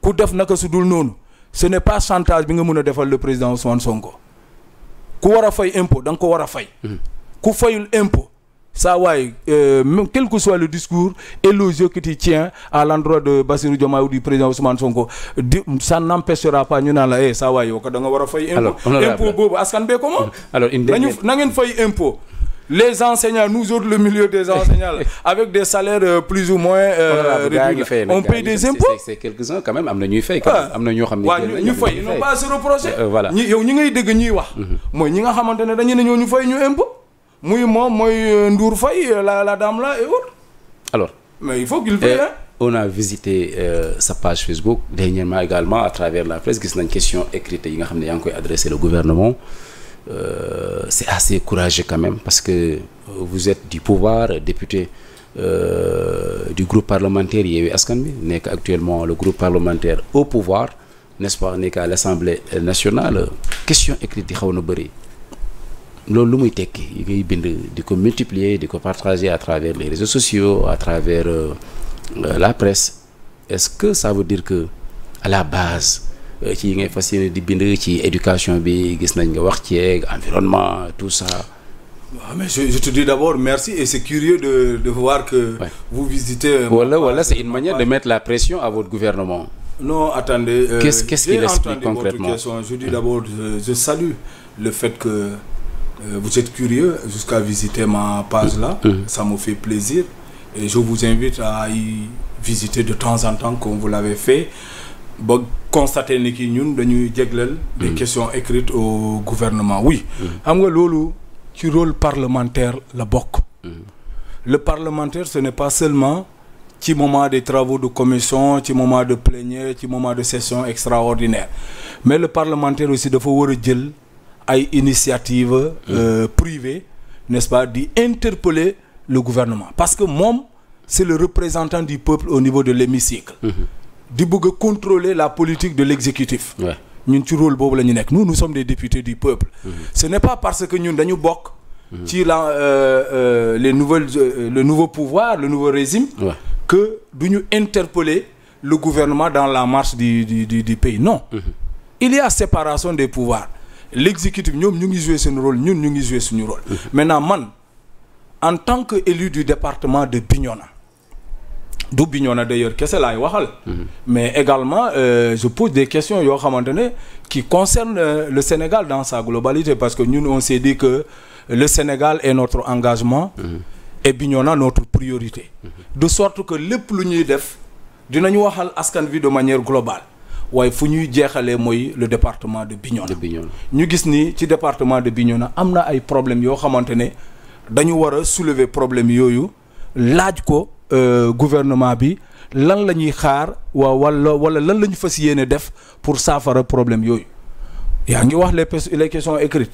ku def naka su dul noonu ce n'est pas chantage bi nga mun a defal le président Ousmane Sonko ku war a fay impôt da nga ko war a fay. Hmm. ku fayul impôt saa waay euh, même quel que soit le discours élogieux que tu tiens à l'endroit de Bassirou Diomaye ou du président Ousmane Sonko di ça n'empêchera pas ñu naan la eh saa waay yow ko da nga war a fay. impôt impôt boobu askan bee ko moom. alors na ngeen fay impôt. les enseignants nous autres le milieu des enseignants là, avec des salaires euh, plus ou moins. Euh, on paye des impôts. c'est quelques-uns quand même am na ñuy fay. Ah. am na ñoo xam ne waaw ñu fay euh, voilà ñi yow ñi ngay dégg ñuy wax. Mhm. mooy ñi nga xamante ne dañu ne ñoo ñu fay ñu impôt. muy moom mooy euh, Ndour Faye la la dame là et autres. alors mais il faut qu'il a on a visité euh, sa page Facebook dernièrement également à travers la presse gis nañ question écrite yi nga xam ne yaa ngi koy adressé le gouvernement. euh, c'est assez courageux quand même parce que euh, vous êtes du pouvoir député euh, du groupe parlementaire Yewwi Askan Wi nekk actuellement le groupe parlementaire au pouvoir n'est-ce pas nekk à l'Assemblée nationale question écrite yi xaw na bëri loolu lu muy tekki yi ngay bind di ko multiplier di ko partager à travers les réseaux sociaux à travers euh, euh la presse est-ce que ça veut dire que à la base Euh, ci ngay fas yéene di bind ci éducation bi gis nañ nga wax ci environnement tout ça. waaw mais je, je merci et c'est curieux de de voir que. Ouais. vous visitez. Euh, voilà voilà c'est une manière de mettre la pression à votre gouvernement. non attendez. Euh, qu'est-ce qu'est-ce qu'il concrètement je dis hmm. d'abord je, salue le fait que euh, vous êtes curieux jusqu'à visiter ma page là. Mmh. ça me fait plaisir et je vous invite à y visiter de temps en temps comme vous l'avez ba constaté ni ki ñun dañuy jégleel des mm. questions écrites au gouvernement oui mm. xam nga loolu ci rôle parlementaire la bokk mm. le parlementaire ce n'est pas seulement ci moment de travaux de commission ci moment de plénière ci moment de session extraordinaire mais le parlementaire aussi dafa war a jël ay initiative euh, privée n'est-ce pas di interpeller le gouvernement parce que moom c'est le représentant du peuple au niveau de l'hémicycle mmh. di bëgg a contrôler la politique de l'exécutif ñun ci rôle boobu la ñu nekk nous nous sommes des députés du peuple mmh. ce n'est pas parce que ñun dañu bokk mhm. ci la euh, euh, les nouvelles euh, le nouveau pouvoir le nouveau régime ouais. que du ñu interpeller le gouvernement dans la marche du du du, du pays non mmh. il y a séparation des pouvoirs l'exécutif ñoom ñu ngi jouer seen rôle ñun ñu ngi jouer suñu rôle mhm. maintenant man en tant que élu du département de Bignona du Bignona d'ailleurs kese laay waxal. Mhm. mais également euh, je pose des questions yoo xamante ne qui concernent euh, le Sénégal dans sa globalité parce que ñun on s'est dit que le Sénégal est notre engagement. Mhm. et Bignona notre priorité. Mhm. de sorte que lépp lu ñuy def dinañu waxal askan wi de manière globale. waaye fu ñuy jeexalee mooy le département de Bignona ñu gis ni ci département de Bignona am na ay problèmes yoo xamante ne dañu war a soulever problème yooyu laaj ko. Euh, gouvernement bi lan la ñuy xaar waa wala wala lan la ñu fas yéene def pour saafara problème yooyu yaa ngi wax les les questions écrites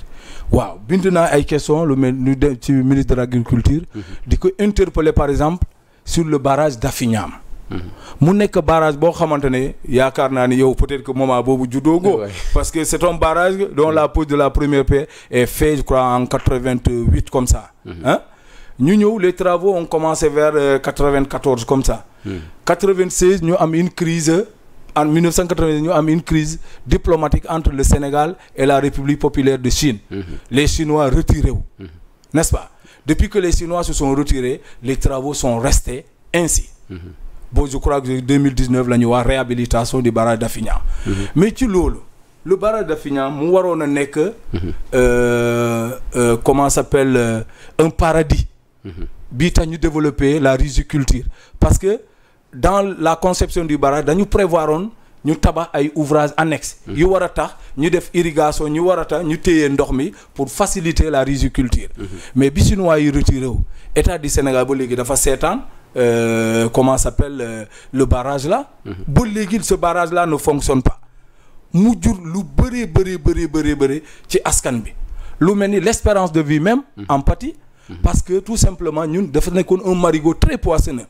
waaw bind naa ay questions lu mel ñu de ci ministre de l'agriculture mm-hmm. di ko interpeller par exemple sur le barrage d'Affignam mm-hmm. mu nekk barrage boo xamante ne yaakaar naa ni yow peut-être que moment boobu juddoo ko parce que c'est un barrage dont la pose de la première pierre est faite je crois quatre-vingt-huit comme ça mm-hmm. hein ñu ñëw les travaux commencé vers 94 euh, comme ça. 96 hmm. ñu am une crise en 1996 ñu am une crise diplomatique entre le Sénégal et la République populaire de Chine. Hmm. les Chinois retiré wu. Hmm. n'est-ce pas depuis que les Chinois se sont retirés les travaux sont restés ainsi. bon je crois que la ñu wax réhabilitation du barrage d'Affinia. mais ci loolu. le barrage d'Affinia mu waroon a nekk. Euh, euh, comment s'appelle un paradis. bii tax ñu développer la riziculture parce que dans la conception du barrage dañu prévoir prévoiroon ñu tabax ay ouvrage annexe mm-hmm. yu war a tax ñu def irrigation ñu war a tax ñu téye ndox mi pour faciliter la riziculture mm-hmm. mais bi chinois yi retiré wu état du Sénégal ba léegi dafa seetaan euh, comment s'appelle euh, le barrage la mm-hmm. ba léegi ce barrage la ne fonctionne pas mu jur lu bëree bëree bëree bëree bëri ci askan bi lu mel ni l'espérance de vie même en pati Mhm. parce que tout simplement ñun dafa nekkoon un marigot très poissonneux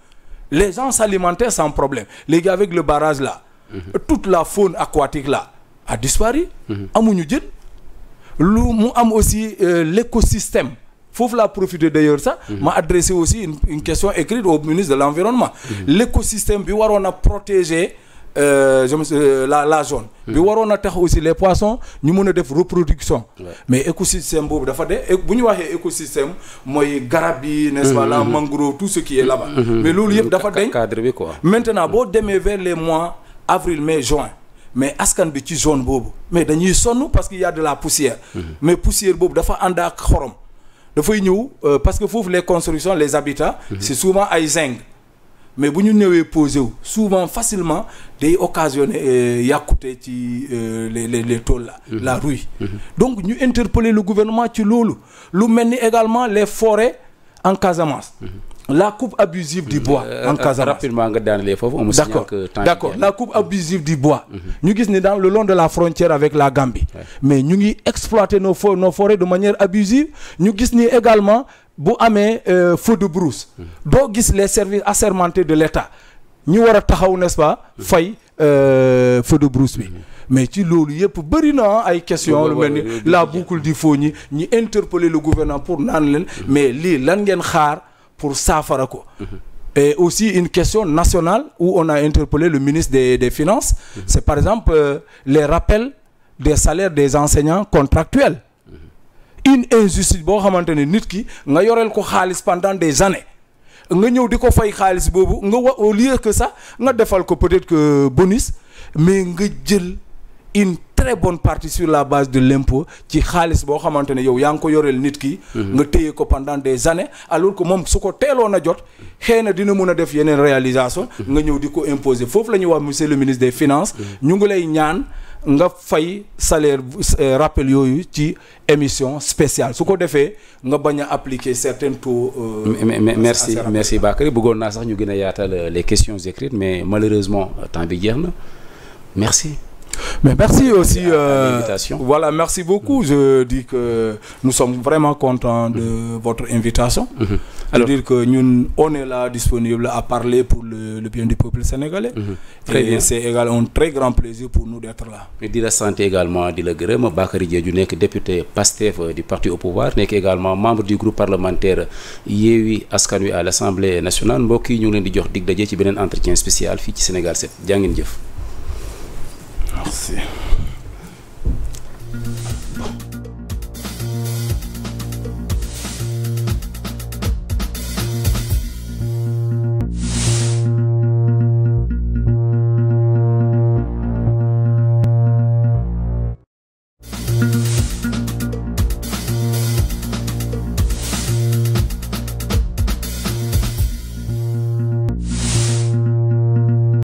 les gens s'alimentaient sans problème léegi avec le barrage la mhm. toute la faune aquatique la a disparu mhm. amuñu jën lu mu am aussi euh, l'écosystème foofu laa profité d'ailleurs sax ma adressé aussi une question écrite au ministre de l'environnement l'écosystème bi waroon a protéger euh, je euh, la la zone. Hmm. bi waroon a tax aussi les poissons ñu mën a def reproduction. mais écosystème boobu dafa de bu ñu waxee écosystème mooy garab bi n'est-ce pas hmm, la hmm, mangrove tout ce qui est là mais loolu yëpp dafa deñ cadre bi quoi. maintenant boo demee vers les mois avril mais juin. mais askan bi ci zone boobu mais dañuy sonn parce que y de la poussière. mais poussière boobu dafa ànd ak xorom. dafay ñëw euh, parce que foofu les constructions les habitats. si c'est souvent ay zinc. mais bu ñu ñëwee posé wu souvent facilement day occasionné euh, yàqute ci euh, les les les tôles mhm. la. la rouille. Mhm. donc ñu interpeller lu gouvernement ci loolu lu mel ni également les forêts en mhm. la coupe abusive du euh, bois en Casamance foofu. on d'accord d'accord la coupe abusive du bois. ñu gis ni dans le long de la frontière avec la Gambie. mais ñu ngi exploiter no fo nos forêts de manière abusive ñu gis ni également. bu amee euh, feu de brousse boo gis les services assermentés de l'État ñu war a taxaw n'est-ce pas fay euh, feu de brousse bi mais ci loolu yëpp bëri na ay question lu mel ni la boucle di faux ñi ñi interpeller le gouvernement pour naan leen mais lii lan ngeen xaar pour saafara ko et aussi une question nationale où on a interpellé le ministre des des finances c'est par exemple euh, les rappels des salaires des enseignants contractuels une injustice boo xamante ne nit ki nga yoreel ko xaalis pendant des années nga ñëw di ko fay xaalis boobu nga wa au lieu que ça nga defal ko peut-être que bonus mais nga jël une très bonne partie sur la base de l'impôt ci xaalis boo xamante ne yow yaa ngi ko yoreel nit ki. Mhm. nga téye ko pendant des années alors que moom su ko teeloon a jot xëy na dina mun a def yeneen réalisation mhm. nga ñëw di ko imposé foofu la ñuy wax monsieur le ministre des finances mhm. ñu ngi lay ñaan nga fay salaire euh, rappel yooyu ci émission spéciale su ko defee nga bañ a appliquer certains taux. Euh, merci merci Bakary bëggoon naa sax ñu gën a yaatal euh, les questions écrites mais malheureusement temps bi jeex na merci. Mais merci aussi. Euh, voilà, merci beaucoup. Mm-hmm. Je dis que nous sommes vraiment contents de mmh. votre invitation. Mmh. Alors, dire que nous, on est là disponible à parler pour le, le bien du peuple sénégalais. Mm-hmm. Et c'est également un très grand plaisir pour nous d'être là. Et de la santé également, de la Grême, Bakary Diadjounek, député PASTEF euh, du parti au pouvoir, n'est également membre du groupe parlementaire Yewi Askanui à l'Assemblée nationale. Mboki, nous l'avons dit, nous l'avons dit, fii ci Sénégal 7 jëf Merci.